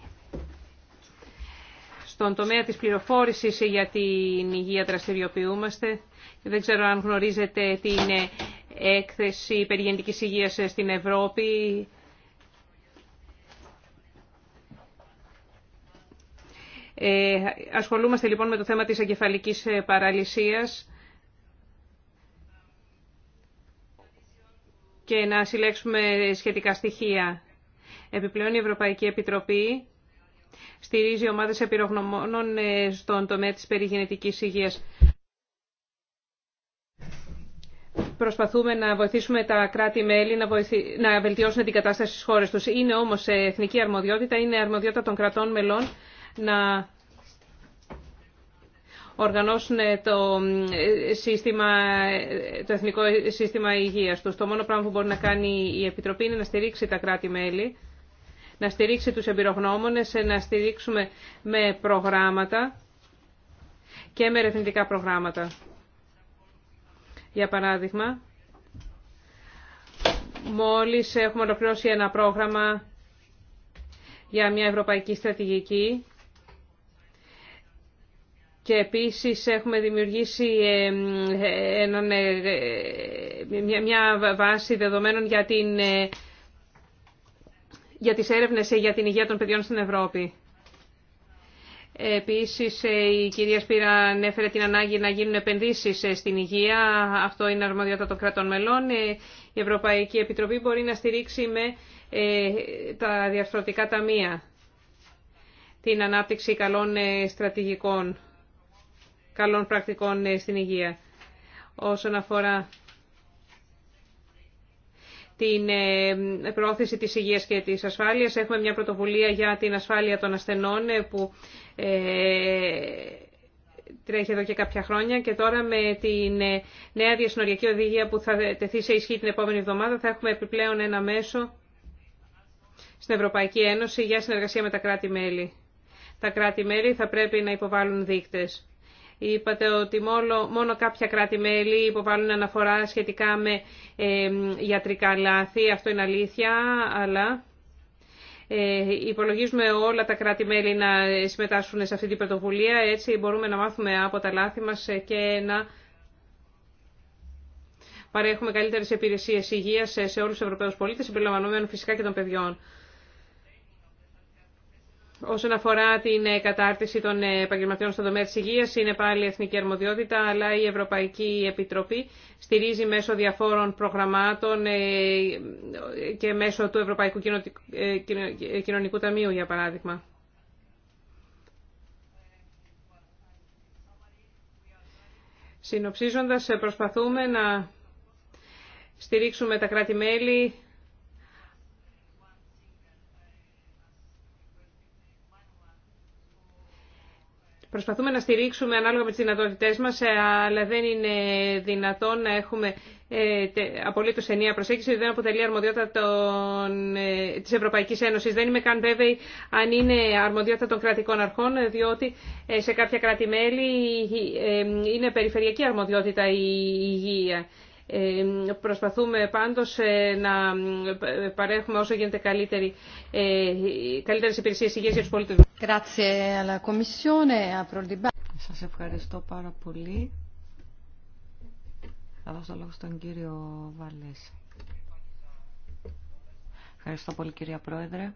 Στον τομέα της πληροφόρησης για την υγεία δραστηριοποιούμαστε. Δεν ξέρω αν γνωρίζετε είναι έκθεση περιγεντικής υγείας στην Ευρώπη. Ε, ασχολούμαστε λοιπόν με το θέμα της εγκεφαλικής ε, παραλυσίας και να συλλέξουμε σχετικά στοιχεία. Επιπλέον η Ευρωπαϊκή Επιτροπή στηρίζει ομάδες επιρρογνωμόνων ε, στον τομέα της περιγενετικής υγείας. Προσπαθούμε να βοηθήσουμε τα κράτη-μέλη να, να βελτιώσουν την κατάσταση στις χώρες τους. Είναι όμως εθνική αρμοδιότητα, είναι αρμοδιότητα των κρατών μελών να οργανώσουν το, σύστημα, το Εθνικό Σύστημα Υγείας τους. Το μόνο πράγμα που μπορεί να κάνει η Επιτροπή είναι να στηρίξει τα κράτη-μέλη, να στηρίξει τους εμπειρογνώμονες, να στηρίξουμε με προγράμματα και με ερευνητικά προγράμματα. Για παράδειγμα, μόλις έχουμε ολοκληρώσει ένα πρόγραμμα για μια ευρωπαϊκή στρατηγική και επίσης έχουμε δημιουργήσει ε, ε, ε, μια βάση δεδομένων για, την, για τις έρευνες για την υγεία των παιδιών στην Ευρώπη. Επίσης, η κυρία Σπύρα ανέφερε την ανάγκη να γίνουν επενδύσεις στην υγεία. Αυτό είναι αρμοδιότητα των κρατών μελών. Η Ευρωπαϊκή Επιτροπή μπορεί να στηρίξει με τα διαρθρωτικά ταμεία την ανάπτυξη καλών στρατηγικών καλών πρακτικών ε, στην υγεία. Όσον αφορά την ε, προώθηση της υγείας και της ασφάλειας, έχουμε μια πρωτοβουλία για την ασφάλεια των ασθενών ε, που τρέχει εδώ και κάποια χρόνια και τώρα με την νέα διασυνοριακή οδηγία που θα τεθεί σε ισχύ την επόμενη εβδομάδα θα έχουμε επιπλέον ένα μέσο στην Ευρωπαϊκή Ένωση για συνεργασία με τα κράτη-μέλη. Τα κράτη-μέλη θα πρέπει να υποβάλουν δείκτες. Είπατε ότι μόνο κάποια κράτη-μέλη υποβάλλουν αναφορά σχετικά με γιατρικά λάθη. Αυτό είναι αλήθεια, αλλά ε, υπολογίζουμε όλα τα κράτη-μέλη να συμμετάσχουν σε αυτή την πρωτοβουλία. Έτσι μπορούμε να μάθουμε από τα λάθη μας και να παρέχουμε καλύτερες υπηρεσίες υγείας σε όλους τους Ευρωπαίους πολίτες, συμπεριλαμβανομένων φυσικά και των παιδιών. Όσον αφορά την ε, κατάρτιση των ε, επαγγελματιών στον τομέα της υγείας, είναι πάλι εθνική αρμοδιότητα, αλλά η Ευρωπαϊκή Επιτροπή στηρίζει μέσω διαφόρων προγραμμάτων ε, και μέσω του Ευρωπαϊκού Κοινωνικού Ταμείου, για παράδειγμα. Συνοψίζοντας, προσπαθούμε να στηρίξουμε τα κράτη-μέλη Προσπαθούμε να στηρίξουμε ανάλογα με τις δυνατότητές μας, ε, αλλά δεν είναι δυνατόν να έχουμε ε, απολύτως ενία προσέγγιση, δεν αποτελεί αρμοδιότητα των, ε, της Ευρωπαϊκής Ένωσης. Δεν είμαι καν βέβαιη αν είναι αρμοδιότητα των κρατικών αρχών, διότι σε κάποια κράτη-μέλη είναι περιφερειακή αρμοδιότητα η υγεία. Προσπαθούμε πάντως να παρέχουμε όσο γίνεται καλύτερη, καλύτερες υπηρεσίες υγείας για τους πολίτες. Σας ευχαριστώ πάρα πολύ. Θα δώσω λόγο στον κύριο Βαλές. Ευχαριστώ πολύ κυρία Πρόεδρε.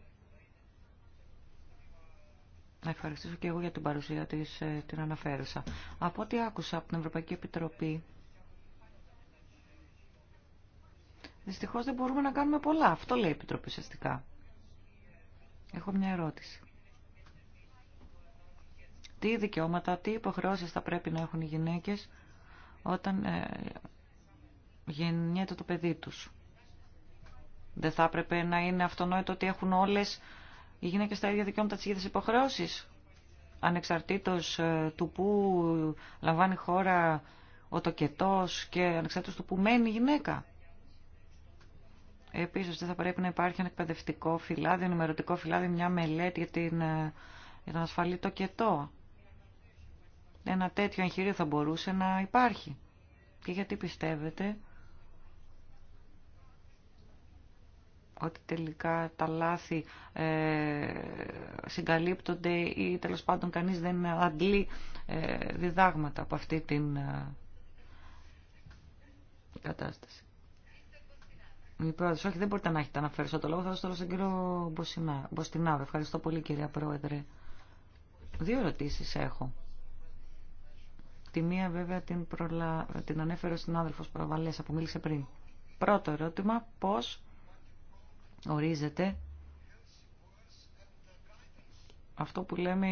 Να ευχαριστήσω και εγώ για την παρουσία της, ε, την αναφέρουσα. Από ό,τι άκουσα από την Ευρωπαϊκή Επιτροπή, δυστυχώς δεν μπορούμε να κάνουμε πολλά. Αυτό λέει η Επιτροπή ουσιαστικά. Έχω μια ερώτηση τι δικαιώματα, τι υποχρεώσεις θα πρέπει να έχουν οι γυναίκες όταν ε, γεννιέται το παιδί τους. Δεν θα έπρεπε να είναι αυτονόητο ότι έχουν όλες οι γυναίκες τα ίδια δικαιώματα τις ίδιες υποχρεώσεις, ανεξαρτήτως ε, του που λαμβάνει χώρα ο τοκετός και ανεξαρτήτως του που μένει η γυναίκα. Επίσης, δεν θα πρέπει να υπάρχει ένα εκπαιδευτικό φυλάδιο, ενημερωτικό φυλάδι, μια μελέτη για, την, ε, για τον ασφαλή τοκετό. Ένα τέτοιο εγχείριο θα μπορούσε να υπάρχει. Και γιατί πιστεύετε ότι τελικά τα λάθη ε, συγκαλύπτονται ή τέλος πάντων κανείς δεν αντλεί ε, διδάγματα από αυτή την ε, κατάσταση. όχι δεν μπορείτε να έχετε αναφέρει στο το λόγο, θα δώσω τώρα στον κύριο Μποστινάρο. Ευχαριστώ πολύ κυρία Πρόεδρε. Δύο ερωτήσεις έχω. Τη μία βέβαια την, προλα... την ανέφερε ο συνάδελφος Προβαλέσα που μίλησε πριν. Πρώτο ερώτημα, πώς ορίζεται αυτό που λέμε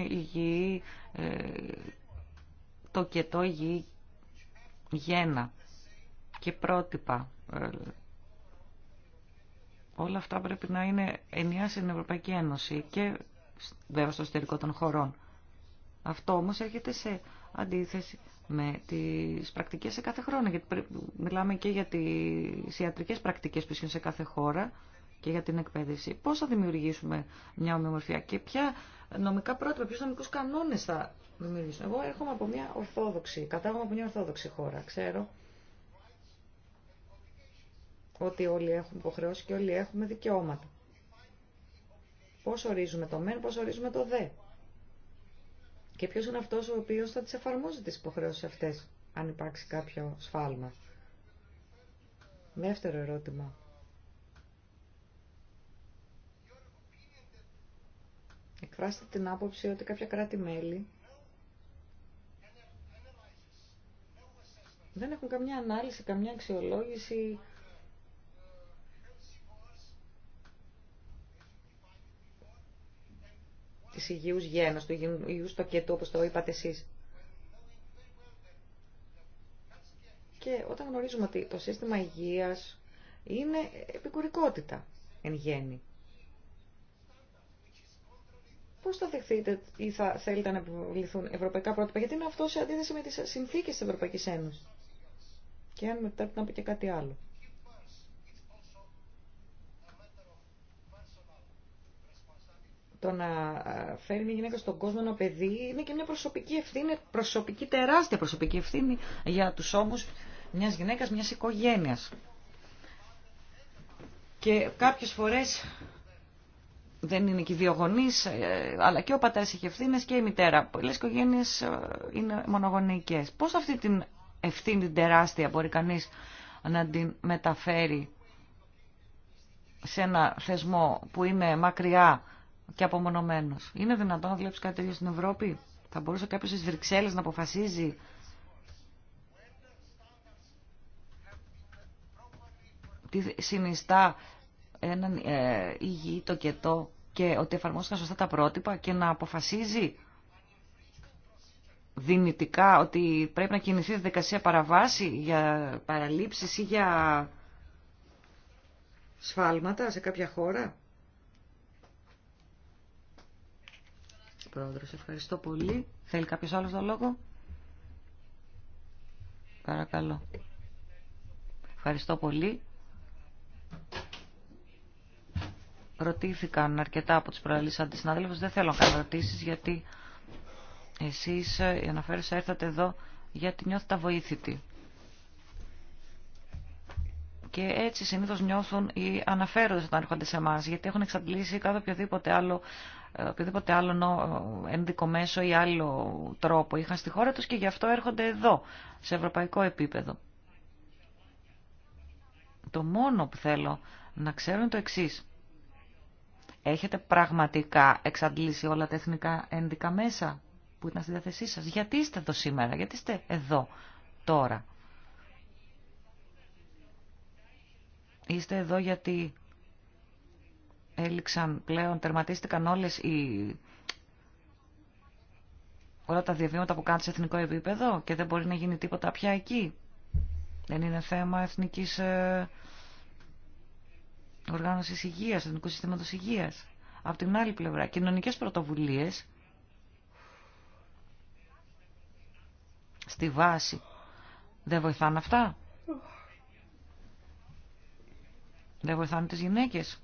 ε, το κετό υγιή γένα και πρότυπα. Ε. Όλα αυτά πρέπει να είναι ενιαία στην Ευρωπαϊκή Ένωση και βέβαια στο εσωτερικό των χωρών. Αυτό όμως έρχεται σε αντίθεση με τι πρακτικέ σε κάθε χρόνο, γιατί μιλάμε και για τι ιατρικέ πρακτικέ που ισχύουν σε κάθε χώρα και για την εκπαίδευση. Πώ θα δημιουργήσουμε μια ομοιομορφία και ποια νομικά πρότυπα, ποιου νομικού κανόνε θα δημιουργήσουμε. Εγώ έρχομαι από μια ορθόδοξη, κατάγομαι από μια ορθόδοξη χώρα, ξέρω ότι όλοι έχουμε υποχρεώσει και όλοι έχουμε δικαιώματα. Πώς ορίζουμε το μεν, πώς ορίζουμε το δε και ποιος είναι αυτός ο οποίος θα τις εφαρμόζει τις υποχρεώσεις αυτές, αν υπάρξει κάποιο σφάλμα. Δεύτερο ερώτημα. Εκφράστε την άποψη ότι κάποια κράτη-μέλη δεν έχουν καμιά ανάλυση, καμιά αξιολόγηση της υγιούς του υγιούς πακέτου, όπως το είπατε εσείς. Και όταν γνωρίζουμε ότι το σύστημα υγείας είναι επικουρικότητα εν γέννη. Πώ θα δεχθείτε ή θα θέλετε να επιβληθούν ευρωπαϊκά πρότυπα, γιατί είναι αυτό σε αντίθεση με τι συνθήκε τη Ευρωπαϊκής Ένωση. Και αν μετά να πω και κάτι άλλο. το να φέρει μια γυναίκα στον κόσμο ένα παιδί είναι και μια προσωπική ευθύνη, προσωπική τεράστια προσωπική ευθύνη για τους ώμους μιας γυναίκας, μιας οικογένειας. Και κάποιες φορές δεν είναι και οι δύο γονείς, ε, αλλά και ο πατέρας έχει ευθύνε και η μητέρα. Πολλές οικογένειε ε, είναι μονογονεϊκές. Πώς αυτή την ευθύνη τεράστια μπορεί κανεί να την μεταφέρει σε ένα θεσμό που είναι μακριά και απομονωμένος. Είναι δυνατόν να δουλέψει κάτι τέτοιο στην Ευρώπη. Θα μπορούσε κάποιο στις Βρυξέλλε να αποφασίζει τι συνιστά έναν ε, υγιή τοκετό και ότι εφαρμόστηκαν σωστά τα πρότυπα και να αποφασίζει δυνητικά ότι πρέπει να κινηθεί δικασία παραβάση για παραλήψεις ή για σφάλματα σε κάποια χώρα. Πρόεδρος. Ευχαριστώ πολύ. Θέλει κάποιος άλλος το λόγο. Παρακαλώ. Ευχαριστώ πολύ. Ρωτήθηκαν αρκετά από τους προαλήσαντες συνάδελφους. Δεν θέλω να κάνω ρωτήσεις γιατί εσείς οι έρθατε εδώ γιατί νιώθετε βοήθητοι. Και έτσι συνήθω νιώθουν οι αναφέροντες όταν έρχονται σε εμά, γιατί έχουν εξαντλήσει κάθε οποιοδήποτε άλλο ε, οποιοδήποτε άλλο ένδικο μέσο ή άλλο τρόπο είχαν στη χώρα τους και γι' αυτό έρχονται εδώ, σε ευρωπαϊκό επίπεδο. Το μόνο που θέλω να ξέρω είναι το εξής. Έχετε πραγματικά εξαντλήσει όλα τα εθνικά ένδικα μέσα που ήταν στη διάθεσή σας. Γιατί είστε εδώ σήμερα, γιατί είστε εδώ τώρα. Είστε εδώ γιατί έληξαν πλέον, τερματίστηκαν όλες οι... όλα τα διαβήματα που κάνουν σε εθνικό επίπεδο και δεν μπορεί να γίνει τίποτα πια εκεί. Δεν είναι θέμα εθνικής ε, οργάνωσης υγείας, εθνικού συστήματος υγείας. Από την άλλη πλευρά, κοινωνικές πρωτοβουλίες στη βάση δεν βοηθάνε αυτά. Δεν βοηθάνε τις γυναίκες.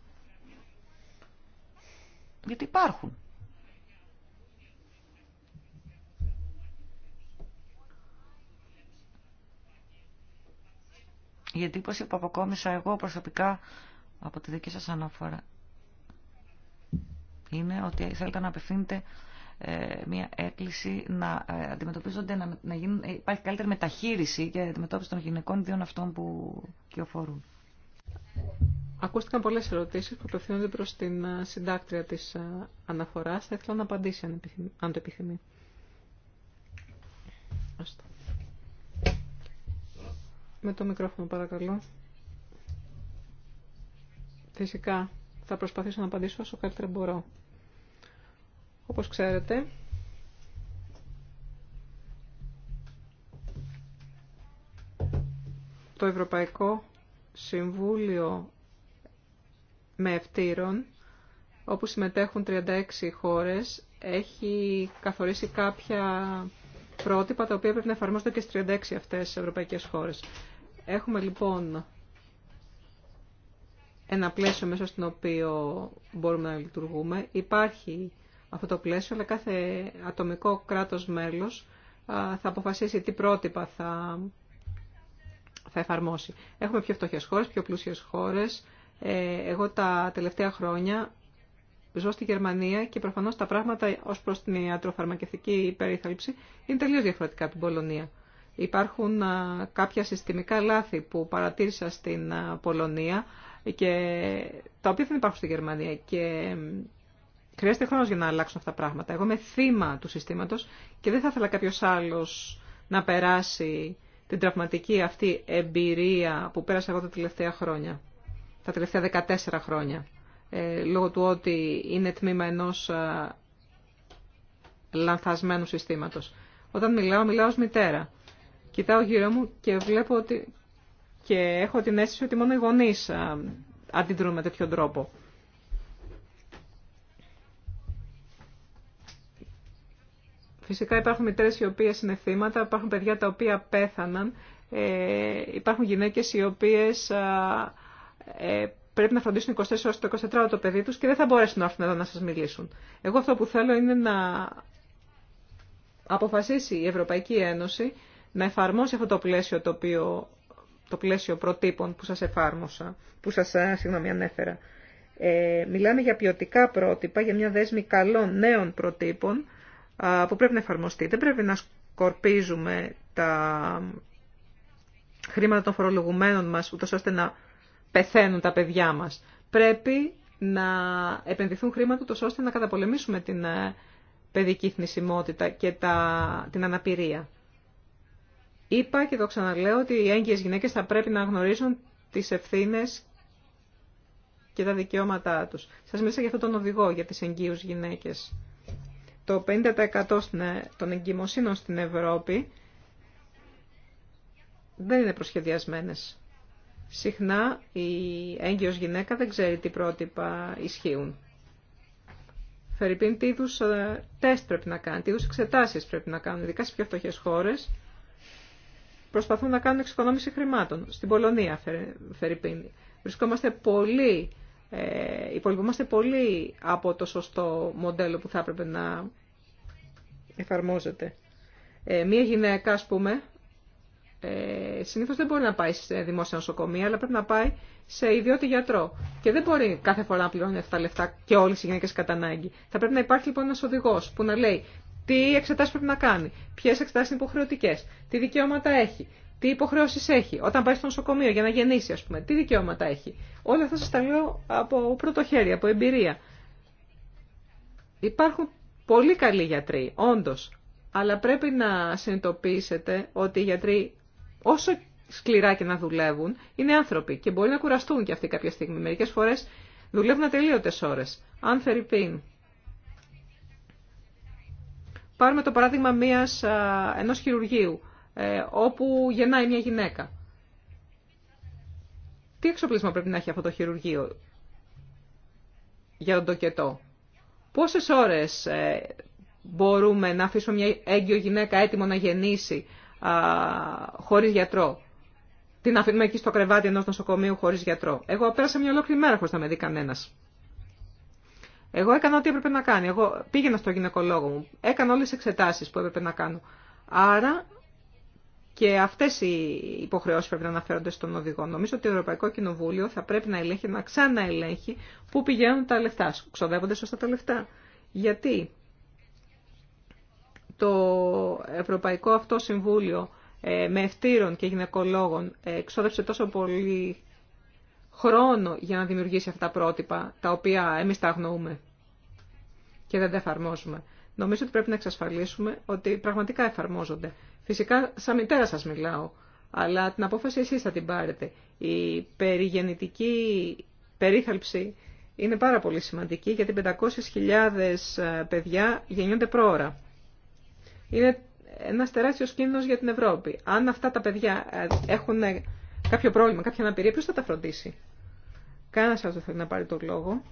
Γιατί υπάρχουν. Η εντύπωση που αποκόμισα εγώ προσωπικά από τη δική σας αναφορά είναι ότι θέλετε να απευθύνετε ε, μια έκκληση να ε, αντιμετωπίζονται, να, να ε, υπάρχει καλύτερη μεταχείριση για αντιμετώπιση των γυναικών ιδιών αυτών που κυοφορούν. Ακούστηκαν πολλές ερωτήσεις που απευθύνονται προς την ε, συντάκτρια της ε, αναφοράς. Θα ήθελα να απαντήσει αν το επιθυμεί. Με το μικρόφωνο παρακαλώ. Φυσικά θα προσπαθήσω να απαντήσω όσο καλύτερα μπορώ. Όπως ξέρετε, το Ευρωπαϊκό Συμβούλιο με ευτήρων, όπου συμμετέχουν 36 χώρες, έχει καθορίσει κάποια πρότυπα τα οποία πρέπει να εφαρμόζονται και στις 36 αυτές τις ευρωπαϊκές χώρες. Έχουμε λοιπόν ένα πλαίσιο μέσα στο οποίο μπορούμε να λειτουργούμε. Υπάρχει αυτό το πλαίσιο, αλλά κάθε ατομικό κράτος μέλος θα αποφασίσει τι πρότυπα θα, θα εφαρμόσει. Έχουμε πιο φτωχές χώρες, πιο πλούσιες χώρες, ε, εγώ τα τελευταία χρόνια ζω στη Γερμανία και προφανώς τα πράγματα ως προς την ιατροφαρμακευτική υπερήθαλψη είναι τελείως διαφορετικά από την Πολωνία. Υπάρχουν κάποια συστημικά λάθη που παρατήρησα στην Πολωνία και τα οποία δεν υπάρχουν στη Γερμανία και χρειάζεται χρόνος για να αλλάξουν αυτά τα πράγματα. Εγώ είμαι θύμα του συστήματος και δεν θα ήθελα κάποιο άλλο να περάσει την τραυματική αυτή εμπειρία που πέρασα εγώ τα τελευταία χρόνια τα τελευταία 14 χρόνια. Ε, λόγω του ότι είναι τμήμα ενός ε, λανθασμένου συστήματος. Όταν μιλάω, μιλάω ως μητέρα. Κοιτάω γύρω μου και βλέπω ότι... και έχω την αίσθηση ότι μόνο οι γονείς ε, αντιδρούν με τέτοιον τρόπο. Φυσικά υπάρχουν μητέρες οι οποίες είναι θύματα, υπάρχουν παιδιά τα οποία πέθαναν, ε, υπάρχουν γυναίκες οι οποίες... Ε, πρέπει να φροντίσουν 24 ώρες το 24 το παιδί τους και δεν θα μπορέσουν να έρθουν εδώ να σας μιλήσουν. Εγώ αυτό που θέλω είναι να αποφασίσει η Ευρωπαϊκή Ένωση να εφαρμόσει αυτό το πλαίσιο το οποίο το πλαίσιο προτύπων που σας εφάρμοσα, που σας συγγνώμη, ανέφερα. Ε, μιλάμε για ποιοτικά πρότυπα, για μια δέσμη καλών νέων προτύπων που πρέπει να εφαρμοστεί. Δεν πρέπει να σκορπίζουμε τα χρήματα των φορολογουμένων μας, ούτως ώστε να πεθαίνουν τα παιδιά μας. Πρέπει να επενδυθούν χρήματα τους ώστε να καταπολεμήσουμε την ε, παιδική θνησιμότητα και τα, την αναπηρία. Είπα και το ξαναλέω ότι οι έγκυες γυναίκες θα πρέπει να γνωρίζουν τις ευθύνες και τα δικαιώματά τους. Σας μίλησα για αυτόν τον οδηγό για τις εγκύους γυναίκες. Το 50% ε, των εγκυμοσύνων στην Ευρώπη δεν είναι προσχεδιασμένες συχνά η έγκυος γυναίκα δεν ξέρει τι πρότυπα ισχύουν. Φερρυπίν, τι είδου ε, τεστ πρέπει να κάνει, τι είδου εξετάσει πρέπει να κάνουν, ειδικά σε πιο φτωχέ χώρε. Προσπαθούν να κάνουν εξοικονόμηση χρημάτων. Στην Πολωνία, Φερρυπίν, βρισκόμαστε πολύ, ε, πολύ από το σωστό μοντέλο που θα έπρεπε να εφαρμόζεται. Ε, μία γυναίκα, ας πούμε, ε, συνήθως δεν μπορεί να πάει σε δημόσια νοσοκομεία, αλλά πρέπει να πάει σε ιδιώτη γιατρό. Και δεν μπορεί κάθε φορά να πληρώνει αυτά τα λεφτά και όλε οι γυναίκε κατά ανάγκη. Θα πρέπει να υπάρχει λοιπόν ένα οδηγό που να λέει τι εξετάσει πρέπει να κάνει, ποιε εξετάσει είναι υποχρεωτικέ, τι δικαιώματα έχει, τι υποχρεώσει έχει, όταν πάει στο νοσοκομείο για να γεννήσει, α πούμε, τι δικαιώματα έχει. Όλα αυτά σα τα λέω από πρώτο χέρι, από εμπειρία. Υπάρχουν πολύ καλοί γιατροί, όντω, αλλά πρέπει να συνειδητοποιήσετε ότι οι γιατροί όσο σκληρά και να δουλεύουν, είναι άνθρωποι και μπορεί να κουραστούν και αυτοί κάποια στιγμή. Μερικέ φορέ δουλεύουν ατελείωτε ώρε. Αν πίν. Πάρουμε το παράδειγμα μιας, ενός χειρουργείου, ε, όπου γεννάει μια γυναίκα. Τι εξοπλισμό πρέπει να έχει αυτό το χειρουργείο για τον τοκετό. Πόσες ώρες ε, μπορούμε να αφήσουμε μια έγκυο γυναίκα έτοιμο να γεννήσει χωρίς γιατρό. Την αφήνουμε εκεί στο κρεβάτι ενός νοσοκομείου χωρίς γιατρό. Εγώ πέρασα μια ολόκληρη μέρα χωρίς να με δει κανένα. Εγώ έκανα ό,τι έπρεπε να κάνει. Εγώ πήγαινα στο γυναικολόγο μου. Έκανα όλες τις εξετάσεις που έπρεπε να κάνω. Άρα και αυτές οι υποχρεώσεις πρέπει να αναφέρονται στον οδηγό. Νομίζω ότι το Ευρωπαϊκό Κοινοβούλιο θα πρέπει να ελέγχει, να ξαναελέγχει πού πηγαίνουν τα λεφτά. Ξοδεύονται σωστά τα λεφτά. Γιατί το Ευρωπαϊκό αυτό Συμβούλιο ε, με ευτήρων και γυναικολόγων ε, εξόδευσε τόσο πολύ χρόνο για να δημιουργήσει αυτά τα πρότυπα, τα οποία εμείς τα αγνοούμε και δεν τα εφαρμόζουμε. Νομίζω ότι πρέπει να εξασφαλίσουμε ότι πραγματικά εφαρμόζονται. Φυσικά, σαν μητέρα σας μιλάω, αλλά την απόφαση εσείς θα την πάρετε. Η περιγεννητική περίθαλψη είναι πάρα πολύ σημαντική, γιατί 500.000 ε, παιδιά γεννιούνται πρόωρα είναι ένα τεράστιο κίνδυνο για την Ευρώπη. Αν αυτά τα παιδιά ε, έχουν ε, κάποιο πρόβλημα, κάποια αναπηρία, ποιο θα τα φροντίσει. Κανένα άλλο δεν θέλει να πάρει τον λόγο.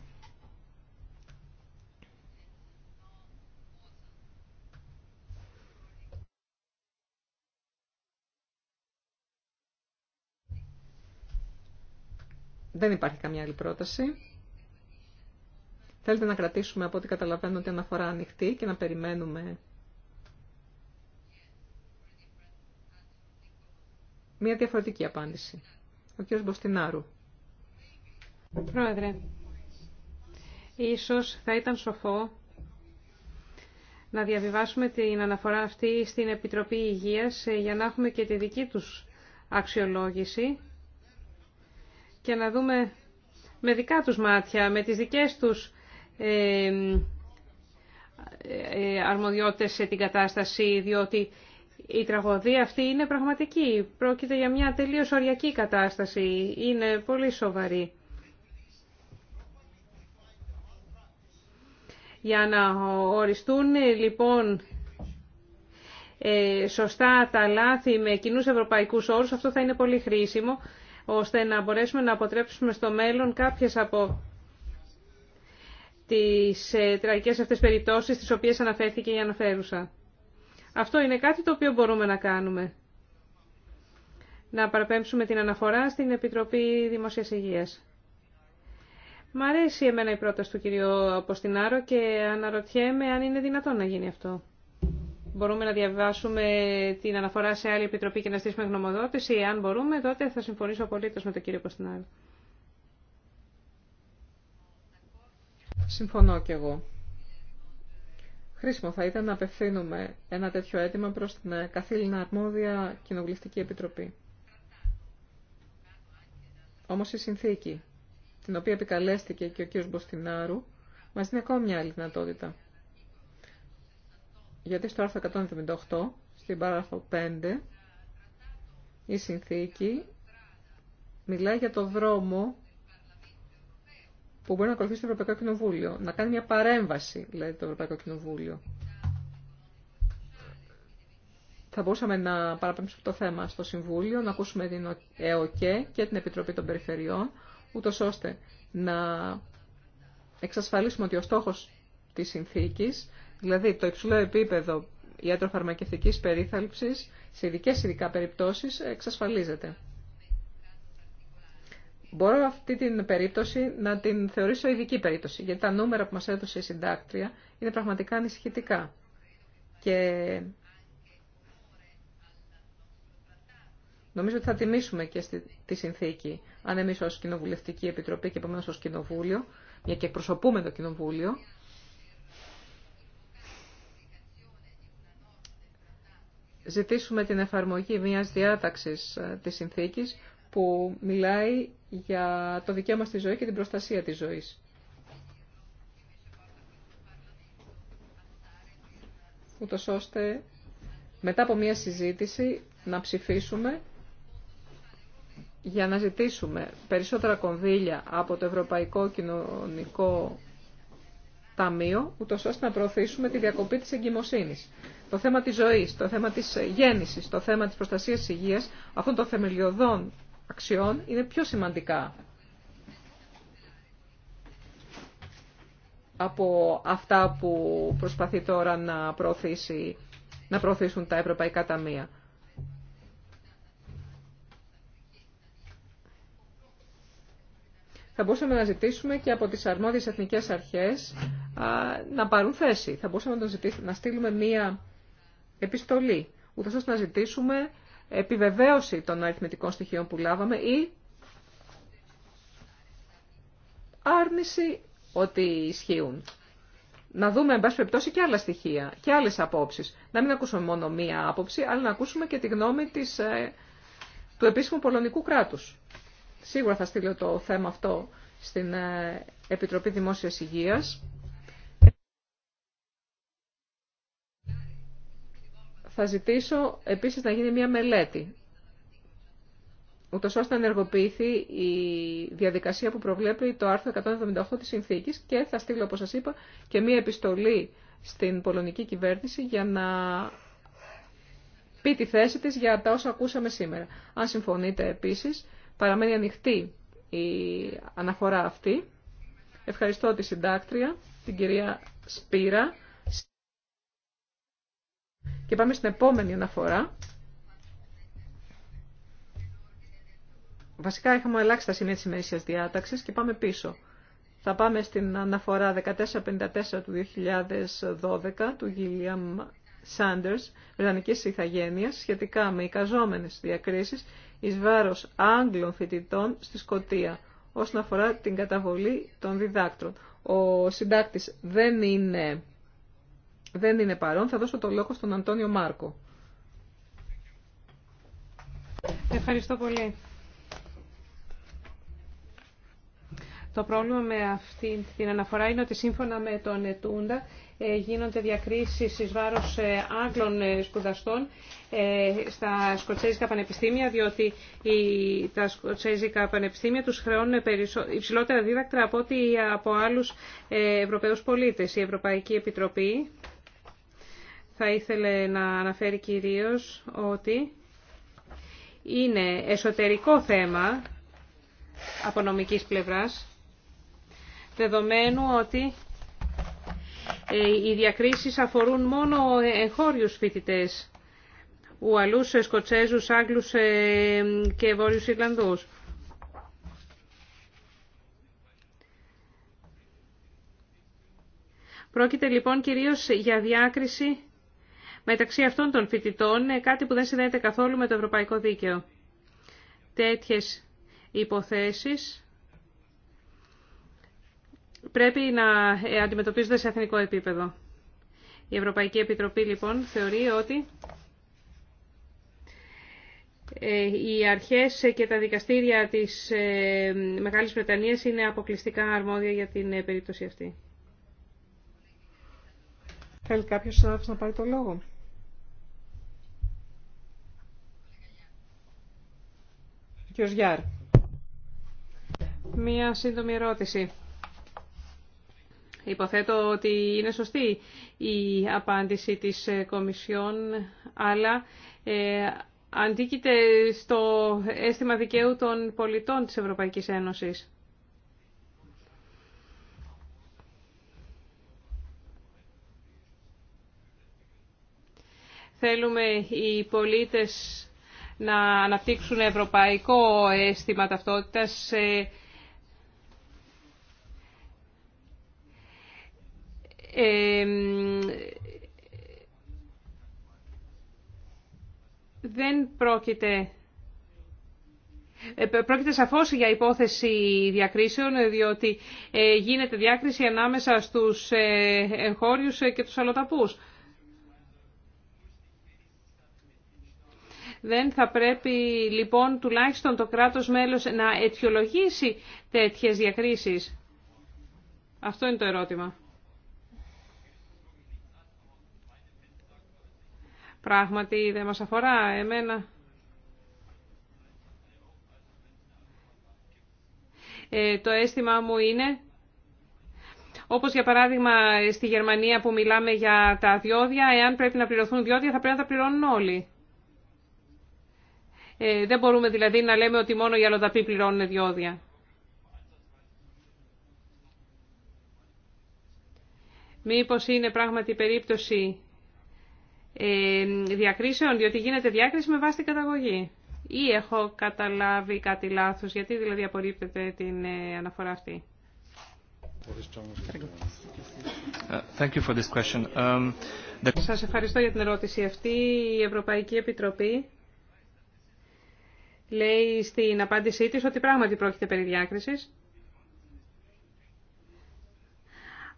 Δεν υπάρχει καμιά άλλη πρόταση. Θέλετε να κρατήσουμε από ό,τι καταλαβαίνω ότι αναφορά ανοιχτή και να περιμένουμε μια διαφορετική απάντηση. Ο κ. Μποστινάρου. Πρόεδρε, ίσως θα ήταν σοφό να διαβιβάσουμε την αναφορά αυτή στην Επιτροπή Υγείας ε, για να έχουμε και τη δική τους αξιολόγηση και να δούμε με δικά τους μάτια, με τις δικές τους ε, ε, αρμοδιότητες σε την κατάσταση, διότι η τραγωδία αυτή είναι πραγματική. Πρόκειται για μια τελείως οριακή κατάσταση. Είναι πολύ σοβαρή. Για να οριστούν λοιπόν ε, σωστά τα λάθη με κοινού Ευρωπαϊκού όρους, αυτό θα είναι πολύ χρήσιμο, ώστε να μπορέσουμε να αποτρέψουμε στο μέλλον κάποιες από τις ε, τραγικές αυτές περιπτώσεις, τις οποίες αναφέρθηκε η αναφέρουσα. Αυτό είναι κάτι το οποίο μπορούμε να κάνουμε. Να παραπέμψουμε την αναφορά στην Επιτροπή Δημόσιας Υγείας. Μ' αρέσει εμένα η πρόταση του κυρίου Αποστινάρο και αναρωτιέμαι αν είναι δυνατόν να γίνει αυτό. Μπορούμε να διαβάσουμε την αναφορά σε άλλη επιτροπή και να στήσουμε γνωμοδότηση. Αν μπορούμε, τότε θα συμφωνήσω απολύτως με τον κύριο Ποστινάρο. Συμφωνώ κι εγώ. Χρήσιμο θα ήταν να απευθύνουμε ένα τέτοιο αίτημα προς την ε, καθήλυνα αρμόδια Κοινοβουλευτική Επιτροπή. Όμως η συνθήκη, την οποία επικαλέστηκε και ο κ. Μποστινάρου, μας δίνει ακόμη μια άλλη δυνατότητα. Γιατί στο άρθρο 178, στην παράγραφο 5, η συνθήκη μιλάει για το δρόμο που μπορεί να ακολουθήσει το Ευρωπαϊκό Κοινοβούλιο, να κάνει μια παρέμβαση, δηλαδή το Ευρωπαϊκό Κοινοβούλιο. Θα μπορούσαμε να παραπέμψουμε το θέμα στο Συμβούλιο, να ακούσουμε την ΕΟΚΕ και την Επιτροπή των Περιφερειών, ούτω ώστε να εξασφαλίσουμε ότι ο στόχο τη συνθήκη, δηλαδή το υψηλό επίπεδο ιατροφαρμακευτικής περίθαλψης σε ειδικέ ειδικά περιπτώσει, εξασφαλίζεται. Μπορώ αυτή την περίπτωση να την θεωρήσω ειδική περίπτωση, γιατί τα νούμερα που μας έδωσε η συντάκτρια είναι πραγματικά ανησυχητικά. Και νομίζω ότι θα τιμήσουμε και στη, τη συνθήκη, αν εμείς ως Κοινοβουλευτική Επιτροπή και επομένως ως Κοινοβούλιο, μια και εκπροσωπούμε το Κοινοβούλιο, ζητήσουμε την εφαρμογή μιας διάταξης ε, της συνθήκης που μιλάει για το δικαίωμα στη ζωή και την προστασία της ζωής. Ούτως ώστε μετά από μία συζήτηση να ψηφίσουμε για να ζητήσουμε περισσότερα κονδύλια από το Ευρωπαϊκό Κοινωνικό Ταμείο, ούτως ώστε να προωθήσουμε τη διακοπή της εγκυμοσύνης. Το θέμα της ζωής, το θέμα της γέννησης, το θέμα της προστασίας της υγείας, αυτών των θεμελιωδών αξιών είναι πιο σημαντικά από αυτά που προσπαθεί τώρα να, προωθήσει, να προωθήσουν τα ευρωπαϊκά ταμεία. Θα μπορούσαμε να ζητήσουμε και από τις αρμόδιες εθνικές αρχές να πάρουν θέση. Θα μπορούσαμε να, ζητήσουμε, να στείλουμε μία επιστολή, ούτως ώστε να ζητήσουμε επιβεβαίωση των αριθμητικών στοιχείων που λάβαμε ή άρνηση ότι ισχύουν. Να δούμε, εν πάση περιπτώσει, και άλλα στοιχεία και άλλες απόψεις. Να μην ακούσουμε μόνο μία άποψη, αλλά να ακούσουμε και τη γνώμη της, ε, του επίσημου πολωνικού κράτους. Σίγουρα θα στείλω το θέμα αυτό στην ε, Επιτροπή Δημόσιας Υγείας. Θα ζητήσω επίσης να γίνει μια μελέτη, ούτως ώστε να ενεργοποιηθεί η διαδικασία που προβλέπει το άρθρο 178 της Συνθήκης και θα στείλω, όπως σας είπα, και μια επιστολή στην πολωνική κυβέρνηση για να πει τη θέση της για τα όσα ακούσαμε σήμερα. Αν συμφωνείτε επίσης, παραμένει ανοιχτή η αναφορά αυτή. Ευχαριστώ τη συντάκτρια, την κυρία Σπύρα. Και πάμε στην επόμενη αναφορά. Βασικά είχαμε αλλάξει τα σημεία της ημερήσιας διάταξης και πάμε πίσω. Θα πάμε στην αναφορά 1454 του 2012 του Γίλιαμ Σάντερς, Βρετανικής Ιθαγένειας, σχετικά με εικαζόμενες διακρίσεις εις βάρος Άγγλων φοιτητών στη Σκοτία, όσον αφορά την καταβολή των διδάκτρων. Ο συντάκτης δεν είναι δεν είναι παρόν, θα δώσω το λόγο στον Αντώνιο Μάρκο. Ευχαριστώ πολύ. Το πρόβλημα με αυτή την αναφορά είναι ότι σύμφωνα με τον Ετούντα ε, γίνονται διακρίσεις εις βάρος ε, Άγγλων ε, σπουδαστών στα σκοτσέζικα πανεπιστήμια, διότι τα σκοτσέζικα πανεπιστήμια τους χρεώνουν υψηλότερα δίδακτρα από ό,τι από άλλους Ευρωπαίους πολίτες. Η Ευρωπαϊκή Επιτροπή θα ήθελε να αναφέρει κυρίως ότι είναι εσωτερικό θέμα από νομικής πλευράς, δεδομένου ότι ε, οι διακρίσεις αφορούν μόνο εγχώριους φοιτητές, Ουαλούς, Σκοτσέζους, Άγγλους ε, και Βόρειους Ιρλανδούς. Πρόκειται λοιπόν κυρίως για διάκριση μεταξύ αυτών των φοιτητών ε, κάτι που δεν συνδέεται καθόλου με το ευρωπαϊκό δίκαιο. Τέτοιες υποθέσεις πρέπει να ε, αντιμετωπίζονται σε εθνικό επίπεδο. Η Ευρωπαϊκή Επιτροπή λοιπόν θεωρεί ότι ε, οι αρχές και τα δικαστήρια της Μεγάλης Βρετανίας είναι αποκλειστικά αρμόδια για την περίπτωση αυτή. Θέλει κάποιος να πάρει το λόγο. Μία σύντομη ερώτηση. Υποθέτω ότι είναι σωστή η απάντηση της ε, Κομισιόν, αλλά ε, αντίκειται στο αίσθημα δικαίου των πολιτών της Ευρωπαϊκής Ένωσης. Θέλουμε οι πολίτες να αναπτύξουν ευρωπαϊκό αίσθημα ταυτότητας ε, ε, δεν πρόκειται... Ε, πρόκειται σαφώς για υπόθεση διακρίσεων, διότι γίνεται διάκριση ανάμεσα στους εγχώριους και τους αλλοταπούς. Δεν θα πρέπει λοιπόν τουλάχιστον το κράτος μέλος να αιτιολογήσει τέτοιες διακρίσεις. Αυτό είναι το ερώτημα. Πράγματι δεν μας αφορά εμένα. Ε, το αίσθημά μου είναι όπως για παράδειγμα στη Γερμανία που μιλάμε για τα διόδια, εάν πρέπει να πληρωθούν διόδια θα πρέπει να τα πληρώνουν όλοι. Ε, δεν μπορούμε δηλαδή να λέμε ότι μόνο οι αλλοδαποί πληρώνουν διόδια. Μήπως είναι πράγματι περίπτωση ε, διακρίσεων, διότι γίνεται διάκριση με βάση την καταγωγή. Ή έχω καταλάβει κάτι λάθος, γιατί δηλαδή απορρίπτεται την ε, αναφορά αυτή. Thank um, Σας ευχαριστώ για την ερώτηση αυτή. Η Ευρωπαϊκή Επιτροπή λέει στην απάντησή της ότι πράγματι πρόκειται περί διάκρισης.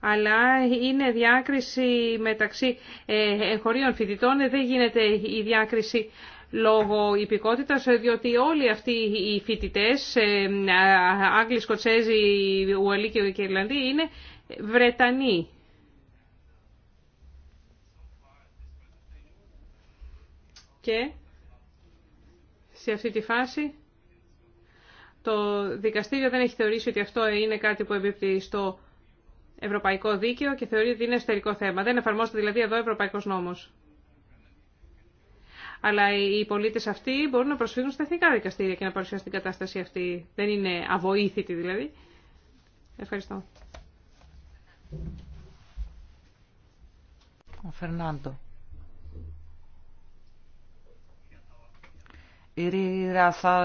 Αλλά είναι διάκριση μεταξύ ε, εγχωρίων φοιτητών, ε, δεν γίνεται η διάκριση λόγω υπηκότητας, διότι όλοι αυτοί οι φοιτητές, ε, Άγγλοι, Σκοτσέζοι, Ουαλοί και Ιρλανδοί, είναι Βρετανοί. Και σε αυτή τη φάση το δικαστήριο δεν έχει θεωρήσει ότι αυτό είναι κάτι που εμπίπτει στο ευρωπαϊκό δίκαιο και θεωρεί ότι είναι εσωτερικό θέμα. Δεν εφαρμόζεται δηλαδή εδώ ευρωπαϊκός νόμος. Αλλά οι πολίτες αυτοί μπορούν να προσφύγουν στα εθνικά δικαστήρια και να παρουσιάσουν την κατάσταση αυτή. Δεν είναι αβοήθητη δηλαδή. Ευχαριστώ. Ο Φερνάντο.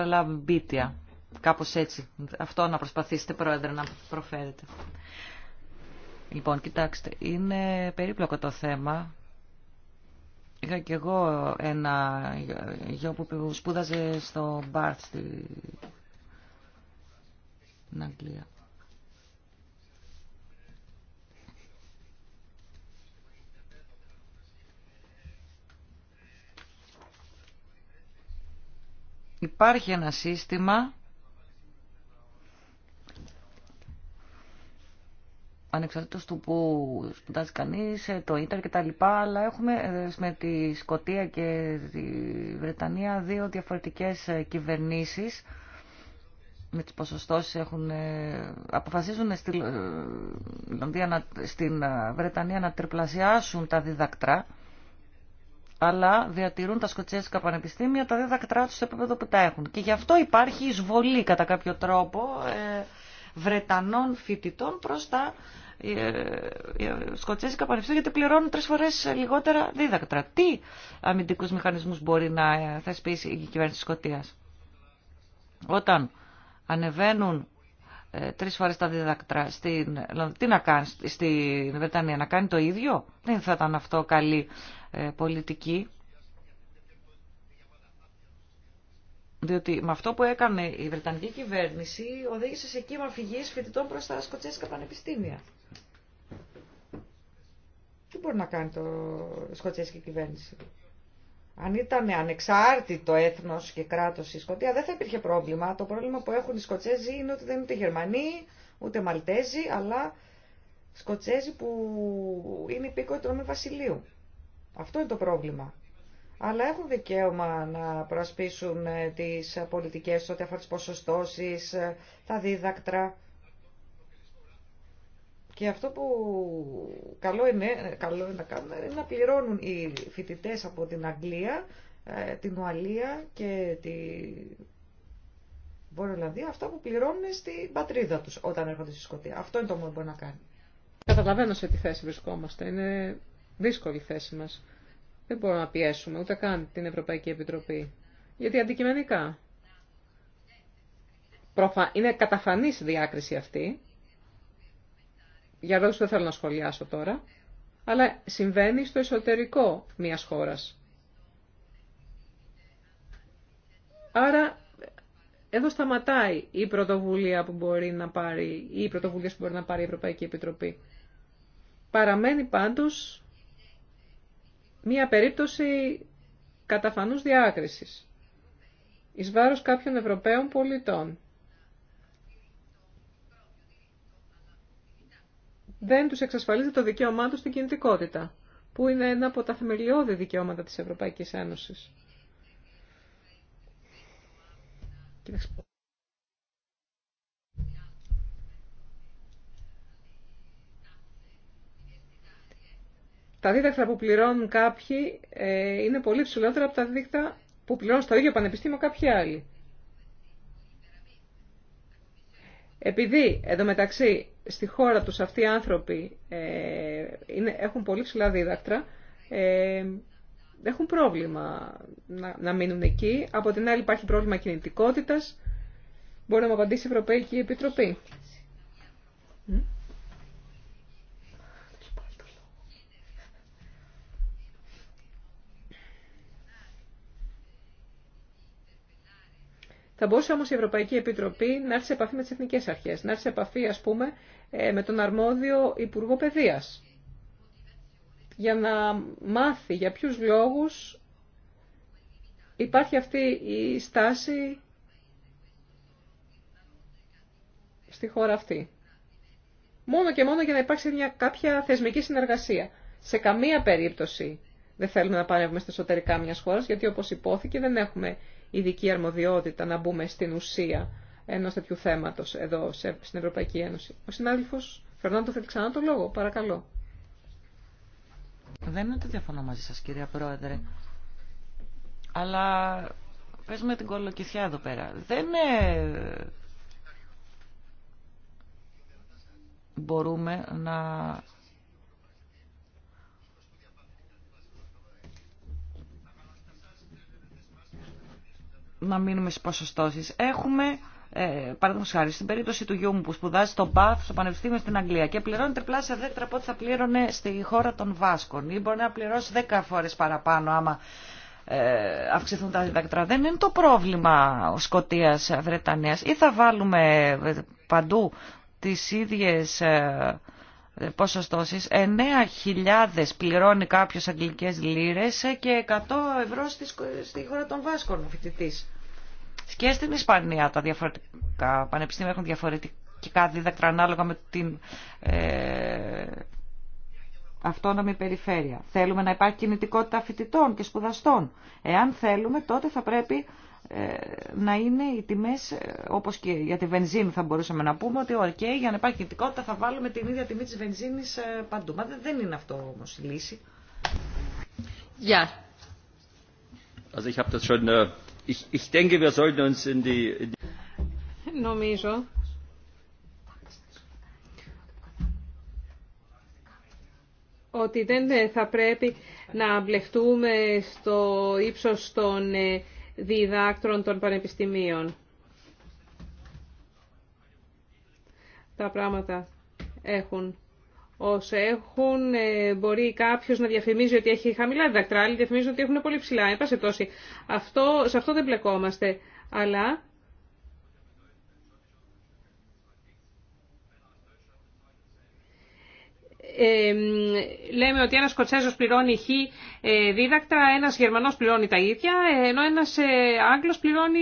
λαμπίτια. Κάπως έτσι. Αυτό να προσπαθήσετε, Πρόεδρε, να προφέρετε. Λοιπόν, κοιτάξτε, είναι περίπλοκο το θέμα. Είχα και εγώ ένα γιο που σπούδαζε στο Μπάρτ στην Αγγλία. υπάρχει ένα σύστημα ανεξαρτήτως του που σπουδάζει κανείς, ε, το ίντερ και τα λοιπά, αλλά έχουμε ε, με τη Σκοτία και τη Βρετανία δύο διαφορετικές ε, κυβερνήσεις με τις ποσοστώσεις έχουν, αποφασίζουν Λονδία, στην Βρετανία να τριπλασιάσουν τα διδακτρά αλλά διατηρούν τα σκοτσέζικα πανεπιστήμια τα δίδακτρά του σε επίπεδο που τα έχουν. Και γι' αυτό υπάρχει εισβολή κατά κάποιο τρόπο ε, Βρετανών φοιτητών προ τα ε, ε, σκοτσέζικα πανεπιστήμια γιατί πληρώνουν τρεις φορές λιγότερα δίδακτρα. Τι αμυντικού μηχανισμού μπορεί να ε, θεσπίσει η κυβέρνηση τη σκοτία. Όταν ανεβαίνουν τρεις φορές τα διδακτρά στην, τι να κάνει στην Βρετανία, να κάνει το ίδιο. Δεν θα ήταν αυτό καλή ε, πολιτική. Διότι με αυτό που έκανε η Βρετανική κυβέρνηση οδήγησε σε κύμα φυγής φοιτητών προς τα σκοτσέσικα πανεπιστήμια. Τι μπορεί να κάνει το σκοτσέσικη κυβέρνηση. Αν ήταν ανεξάρτητο έθνος και κράτος η Σκωτία δεν θα υπήρχε πρόβλημα. Το πρόβλημα που έχουν οι Σκοτσέζοι είναι ότι δεν είναι ούτε Γερμανοί, ούτε Μαλτέζοι, αλλά Σκοτσέζοι που είναι υπήκοοι του Βασιλείου. Αυτό είναι το πρόβλημα. Αλλά έχουν δικαίωμα να προασπίσουν ε, τις πολιτικές ό,τι αφορά τι ποσοστώσει, ε, τα δίδακτρα και αυτό που καλό είναι, ε, καλό είναι να κάνουμε είναι να πληρώνουν οι φοιτητέ από την Αγγλία, ε, την Ουαλία και τη Βόρεια Ολλανδία αυτά που πληρώνουν στην πατρίδα του όταν έρχονται στη Σκοτία. Αυτό είναι το μόνο που μπορεί να κάνει. Καταλαβαίνω σε τι θέση βρισκόμαστε. Είναι δύσκολη η θέση μα. Δεν μπορούμε να πιέσουμε ούτε καν την Ευρωπαϊκή Επιτροπή. Γιατί αντικειμενικά. Είναι καταφανής διάκριση αυτή για λόγους που δεν θέλω να σχολιάσω τώρα, αλλά συμβαίνει στο εσωτερικό μιας χώρας. Άρα εδώ σταματάει η πρωτοβουλία που μπορεί να πάρει ή οι πρωτοβουλίε που μπορεί να πάρει η οι Επιτροπή. Παραμένει πάντως μία περίπτωση καταφανούς διάκρισης εις βάρος κάποιων Ευρωπαίων πολιτών δεν τους εξασφαλίζει το δικαίωμά τους στην κινητικότητα, που είναι ένα από τα θεμελιώδη δικαιώματα της Ευρωπαϊκής Ένωσης. Τα δίδακτρα που πληρώνουν κάποιοι ε, είναι πολύ ψηλότερα από τα δίδακτρα που πληρώνουν στο ίδιο πανεπιστήμιο κάποιοι άλλοι. Επειδή εδώ μεταξύ στη χώρα τους αυτοί οι άνθρωποι ε, είναι, έχουν πολύ ψηλά δίδακτρα, ε, έχουν πρόβλημα να, να μείνουν εκεί. Από την άλλη υπάρχει πρόβλημα κινητικότητας. Μπορεί να μου απαντήσει η Ευρωπαϊκή Επιτροπή. Θα μπορούσε όμω η Ευρωπαϊκή Επιτροπή να έρθει σε επαφή με τις εθνικές αρχές, να έρθει σε επαφή, ας πούμε, ε, με τον αρμόδιο Υπουργό Παιδεία, για να μάθει για ποιου λόγους υπάρχει αυτή η στάση στη χώρα αυτή. Μόνο και μόνο για να υπάρξει μια κάποια θεσμική συνεργασία. Σε καμία περίπτωση δεν θέλουμε να παρεύουμε στα εσωτερικά μια χώρα, γιατί όπω υπόθηκε δεν έχουμε ειδική αρμοδιότητα να μπούμε στην ουσία ενό τέτοιου θέματο εδώ στην Ευρωπαϊκή Ένωση. Ο συνάδελφο Φερνάντο θέλει ξανά το λόγο, παρακαλώ. Δεν είναι ότι διαφωνώ μαζί σα, κυρία Πρόεδρε. Αλλά με την κολοκυθιά εδώ πέρα. Δεν μπορούμε να να μείνουμε στι ποσοστώσει. Έχουμε, ε, παραδείγματος χάρη, στην περίπτωση του γιού μου που σπουδάζει στο Μπαθ, στο Πανεπιστήμιο στην Αγγλία και πληρώνει τριπλάσια δέκτρα από ό,τι θα πλήρωνε στη χώρα των Βάσκων ή μπορεί να πληρώσει δέκα φορέ παραπάνω άμα ε, αυξηθούν τα δέκτρα. Δεν είναι το πρόβλημα Σκοτίας, Βρετανίας. Ή θα βάλουμε ε, παντού τις ίδιες ε, ε ποσοστώσεις. 9.000 πληρώνει κάποιος αγγλικές λίρες ε, και 100 ευρώ στη, χώρα των Βάσκων φοιτητής. Και στην Ισπανία τα διαφορετικά πανεπιστήμια έχουν διαφορετικά δίδακτρα ανάλογα με την ε, αυτόνομη περιφέρεια. Θέλουμε να υπάρχει κινητικότητα φοιτητών και σπουδαστών. Εάν θέλουμε τότε θα πρέπει ε, να είναι οι τιμές, ε, όπως και για τη βενζίνη θα μπορούσαμε να πούμε, ότι OK, για να υπάρχει κινητικότητα θα βάλουμε την ίδια τιμή της βενζίνης παντού. Μα δεν είναι αυτό όμως η λύση. Yeah. Also ich habe das schon äh, Νομίζω ότι δεν ε, θα πρέπει να μπλεχτούμε στο ύψος των ε, διδάκτρων των πανεπιστημίων. Τα πράγματα έχουν ως έχουν. Ε, μπορεί κάποιος να διαφημίζει ότι έχει χαμηλά διδακτρά, άλλοι διαφημίζουν ότι έχουν πολύ ψηλά. Έπασε τόση. Αυτό, σε αυτό δεν μπλεκόμαστε. Αλλά ε, λέμε ότι ένας Σκοτσέζος πληρώνει χ ε, δίδακτρα, ένας Γερμανός πληρώνει τα ίδια, ενώ ένας Άγγλος πληρώνει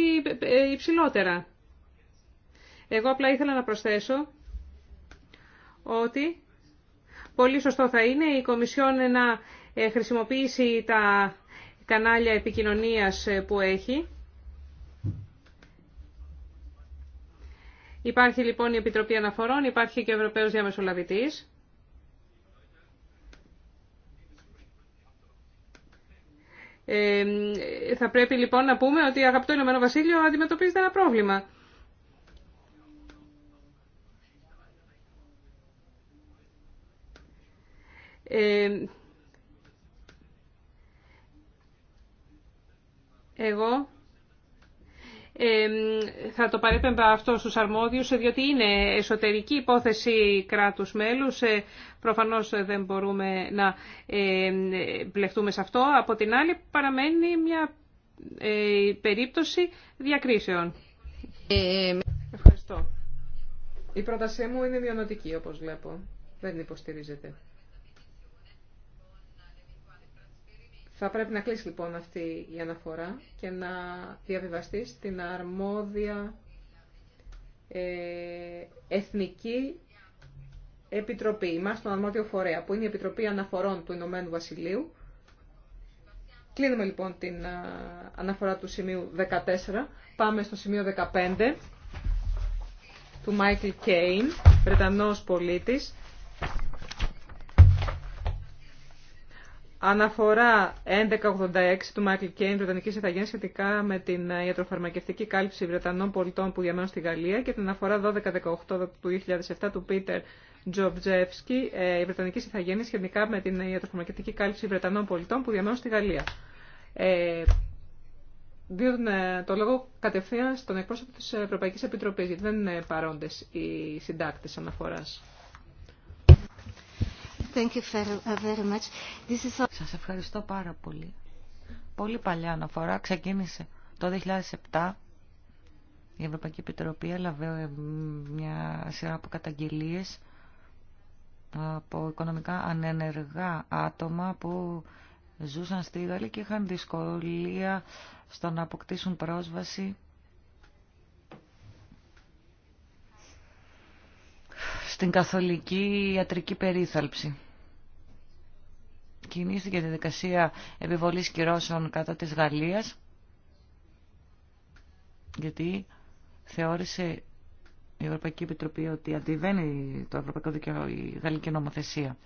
υψηλότερα. Εγώ απλά ήθελα να προσθέσω ότι Πολύ σωστό θα είναι η Κομισιόν να ε, χρησιμοποιήσει τα κανάλια επικοινωνίας ε, που έχει. Υπάρχει λοιπόν η Επιτροπή Αναφορών, υπάρχει και ο Ευρωπαίος Διαμεσολαβητής. Ε, θα πρέπει λοιπόν να πούμε ότι αγαπητό Ηνωμένο Βασίλειο αντιμετωπίζεται ένα πρόβλημα. Ε, εγώ ε, θα το παρέπεμπα αυτό στους αρμόδιους, διότι είναι εσωτερική υπόθεση κράτους μέλους. Ε, προφανώς δεν μπορούμε να πλεχτούμε σε αυτό. Από την άλλη παραμένει μια περίπτωση διακρίσεων. Ευχαριστώ. Η πρότασή μου είναι μειονοτική, όπως βλέπω. Δεν υποστηρίζεται. Θα πρέπει να κλείσει λοιπόν αυτή η αναφορά και να διαβιβαστεί στην αρμόδια ε, Εθνική Επιτροπή, μας τον αρμόδιο φορέα, που είναι η Επιτροπή Αναφορών του Ηνωμένου Βασιλείου. Κλείνουμε λοιπόν την αναφορά του σημείου 14. Πάμε στο σημείο 15 του Μάικλ Κέιν, Βρετανός πολίτης, Αναφορά 1186 του Μάικλ Κέιν, Βρετανική Ιθαγένεια, σχετικά με την ε, ιατροφαρμακευτική κάλυψη Βρετανών πολιτών που διαμένουν στη Γαλλία και την αναφορά 1218 του 2007 του Πίτερ Τζοβτζεύσκη, ε, η Βρετανική Ιθαγένεια, σχετικά με την ε, ιατροφαρμακευτική κάλυψη Βρετανών πολιτών που διαμένουν στη Γαλλία. Ε, δίνω το λόγο κατευθείαν στον εκπρόσωπο τη Ευρωπαϊκή Επιτροπή, γιατί δεν είναι παρόντε οι συντάκτε αναφορά. Thank you very uh, much. Σας ευχαριστώ πάρα πολύ. Πολύ παλιά αναφορά. Ξεκίνησε το 2007. Η Ευρωπαϊκή Επιτροπή έλαβε ε, μια σειρά από καταγγελίες από οικονομικά ανενεργά άτομα που ζούσαν στη Γαλλία και είχαν δυσκολία στο να αποκτήσουν πρόσβαση στην καθολική ιατρική περίθαλψη. Κινήθηκε τη δικασία επιβολής κυρώσεων κατά της Γαλλίας, γιατί θεώρησε η Ευρωπαϊκή Επιτροπή ότι αντιβαίνει το Ευρωπαϊκό Δίκαιο η Γαλλική νομοθεσία.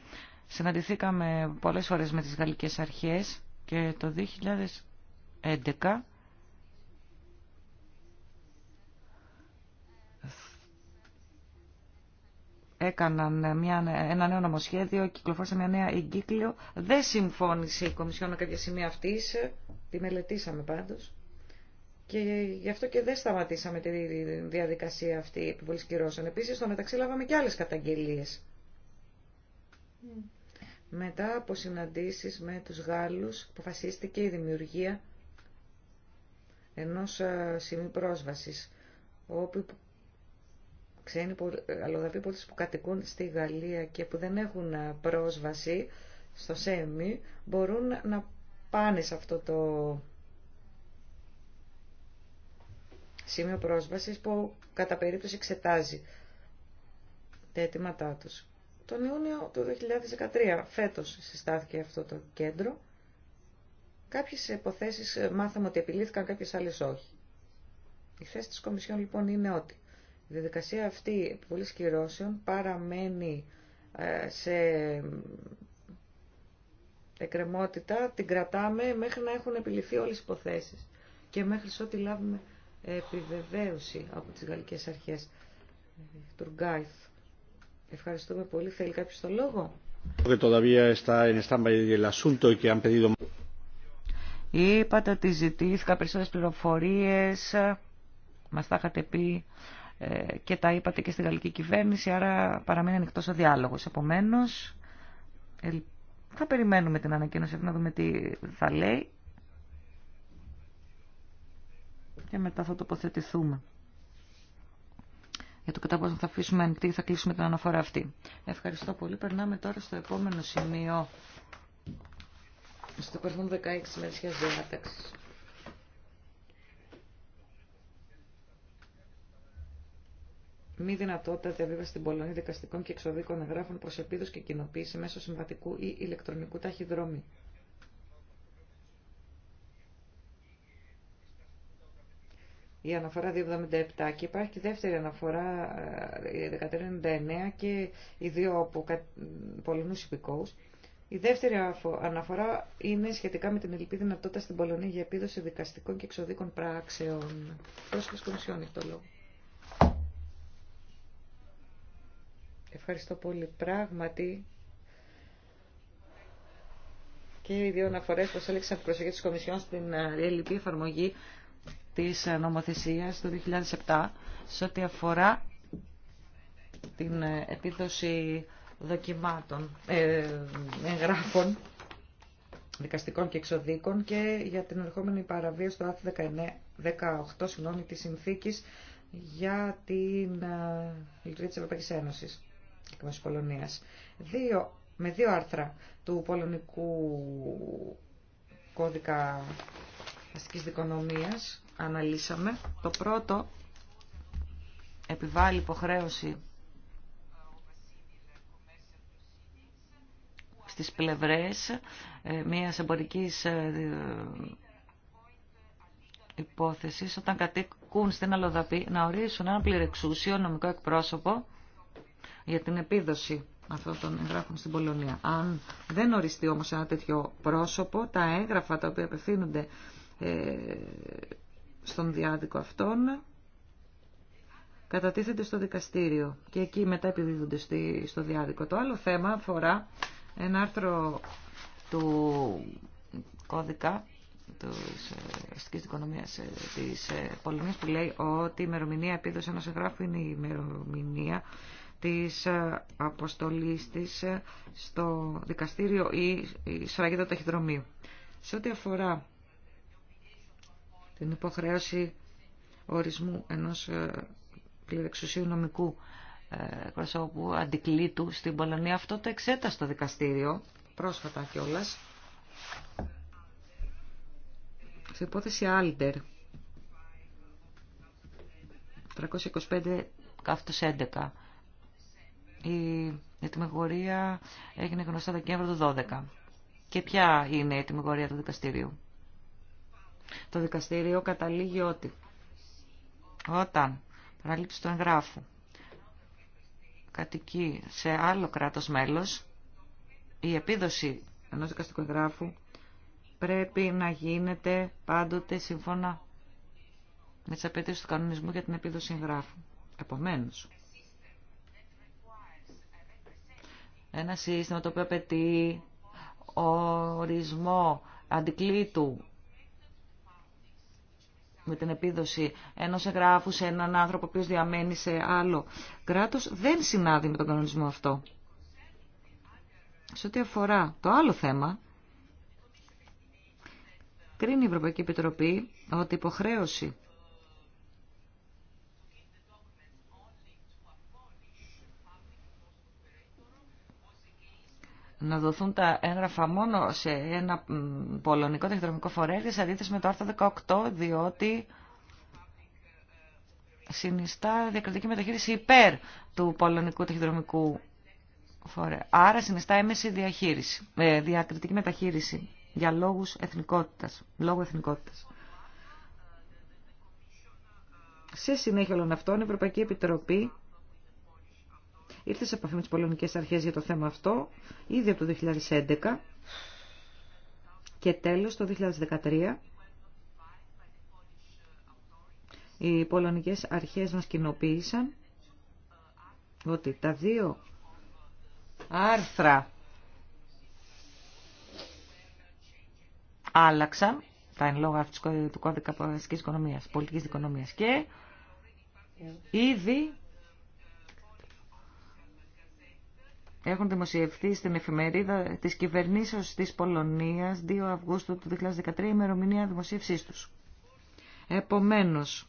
Συναντηθήκαμε πολλές φορές με τις γαλλικές αρχές και το 2011 έκαναν μια, ένα νέο νομοσχέδιο, κυκλοφόρησε μια νέα εγκύκλιο. Δεν συμφώνησε η Κομισιόν με κάποια σημεία αυτή, τη μελετήσαμε πάντως. Και γι' αυτό και δεν σταματήσαμε τη διαδικασία αυτή επιβολή κυρώσεων. Επίση, στο μεταξύ λάβαμε και άλλε καταγγελίε. Μετά από συναντήσεις με τους Γάλλους αποφασίστηκε η δημιουργία ενός ε, σημείου πρόσβασης όπου ξένοι αλλοδαποί πολίτες που κατοικούν στη Γαλλία και που δεν έχουν ε, πρόσβαση στο ΣΕΜΗ μπορούν να πάνε σε αυτό το σημείο πρόσβασης που κατά περίπτωση εξετάζει τα αιτήματά τους. Τον Ιούνιο του 2013, φέτος συστάθηκε αυτό το κέντρο, κάποιες υποθέσεις ε, μάθαμε ότι επιλήθηκαν, κάποιες άλλες όχι. Η θέση της Κομισιόν λοιπόν είναι ότι η διαδικασία αυτή πολύ κυρώσεων παραμένει ε, σε εκκρεμότητα, την κρατάμε μέχρι να έχουν επιληθεί όλες οι υποθέσεις και μέχρι ό,τι λάβουμε επιβεβαίωση από τις γαλλικές αρχές. Γκάιθ. Ευχαριστούμε πολύ. Θέλει κάποιος το λόγο. Είπατε ότι ζητήθηκα περισσότερες πληροφορίες. Μας τα είχατε πει ε, και τα είπατε και στη γαλλική κυβέρνηση, άρα παραμένει ανοιχτό ο διάλογος. Επομένως, θα περιμένουμε την ανακοίνωση να δούμε τι θα λέει και μετά θα τοποθετηθούμε για το κατά πόσο θα αφήσουμε ανοιχτή και θα κλείσουμε την αναφορά αυτή. Ευχαριστώ πολύ. Περνάμε τώρα στο επόμενο σημείο, στο περθόν 16 μέρες μη δυνατότητα διαβίβαση στην Πολωνία δικαστικών και εξωδίκων εγγράφων προ επίδοση και κοινοποίηση μέσω συμβατικού ή ηλεκτρονικού ταχυδρόμη. Η αναφορά 277 και υπάρχει και δεύτερη αναφορά ε, η 1399 και οι δύο από πολλούς υπηκόους. Η δεύτερη αναφορά είναι σχετικά με την ελληπή δυνατότητα στην Πολωνία για επίδοση δικαστικών και εξωδίκων πράξεων. Πρόσφυγες Κομισιόν έχει το λόγο. Ευχαριστώ πολύ. Πράγματι, και οι δύο αναφορέ που έλεξαν την προσοχή τη Κομισιόν στην ε, ελληνική εφαρμογή τη ε, νομοθεσία του 2007 σε ό,τι αφορά την ε, επίδοση δοκιμάτων, ε, εγγράφων δικαστικών και εξοδίκων και για την ερχόμενη παραβία στο άρθρο 18 συγγνώμη, της συνθήκης για την λειτουργία της Ευρωπαϊκής Ένωσης. Πολωνίας. Δύο, με δύο άρθρα του πολωνικού κώδικα αστικής δικονομίας αναλύσαμε. Το πρώτο επιβάλλει υποχρέωση στις πλευρές ε, μιας εμπορικής ε, ε, υπόθεσης όταν κατοικούν στην Αλοδαπή να ορίσουν έναν πληρεξούσιο νομικό εκπρόσωπο για την επίδοση αυτών των εγγράφων στην Πολωνία. Αν δεν οριστεί όμως ένα τέτοιο πρόσωπο, τα έγγραφα τα οποία απευθύνονται ε, στον διάδικο αυτών κατατίθεται στο δικαστήριο και εκεί μετά επιδίδονται στο διάδικο. Το άλλο θέμα αφορά ένα άρθρο του κώδικα της ε, αστικής δικονομίας ε, της Πολωνίας που λέει ότι η ημερομηνία επίδοση ενός εγγράφου είναι η ημερομηνία της ε, αποστολής της ε, στο δικαστήριο ή η σφραγιδα του ταχυδρομείου. Σε ό,τι αφορά την υποχρέωση ορισμού ενός ε, πληρεξουσίου νομικού προσώπου, αντικλήτου στην Πολωνία, αυτό το εξέτασε στο δικαστήριο πρόσφατα κιόλας σε υπόθεση Άλντερ 325 11 η ετοιμιγωρία έγινε γνωστά Δεκέμβριο του 2012. Και ποια είναι η ετοιμιγωρία του δικαστηρίου. Το δικαστήριο καταλήγει ότι όταν παραλήψει του εγγράφου κατοικεί σε άλλο κράτος μέλος, η επίδοση ενός δικαστικού εγγράφου πρέπει να γίνεται πάντοτε σύμφωνα με τις απαιτήσεις του κανονισμού για την επίδοση εγγράφου. Επομένως, Ένα σύστημα το οποίο απαιτεί ορισμό αντικλήτου με την επίδοση ενός εγγράφου σε έναν άνθρωπο που διαμένει σε άλλο κράτος δεν συνάδει με τον κανονισμό αυτό. Σε ό,τι αφορά το άλλο θέμα, κρίνει η Ευρωπαϊκή Επιτροπή ότι υποχρέωση να δοθούν τα έγγραφα μόνο σε ένα πολωνικό ταχυδρομικό φορέα σε αντίθεση με το άρθρο 18, διότι συνιστά διακριτική μεταχείριση υπέρ του πολωνικού ταχυδρομικού φορέα. Άρα συνιστά έμεση διαχείριση, ε, διακριτική μεταχείριση για λόγους εθνικότητας, λόγω εθνικότητας. Σε συνέχεια όλων αυτών, η Ευρωπαϊκή Επιτροπή ήρθε σε επαφή με τι πολωνικές αρχές για το θέμα αυτό ήδη από το 2011 και τέλος το 2013 οι πολωνικές αρχές μας κοινοποίησαν ότι τα δύο άρθρα άλλαξαν τα εν λόγω του κώδικα πολιτικής οικονομίας, πολιτικής οικονομίας και ήδη έχουν δημοσιευθεί στην εφημερίδα της κυβερνήσεως της Πολωνίας 2 Αυγούστου του 2013 ημερομηνία δημοσίευσής τους. Επομένως,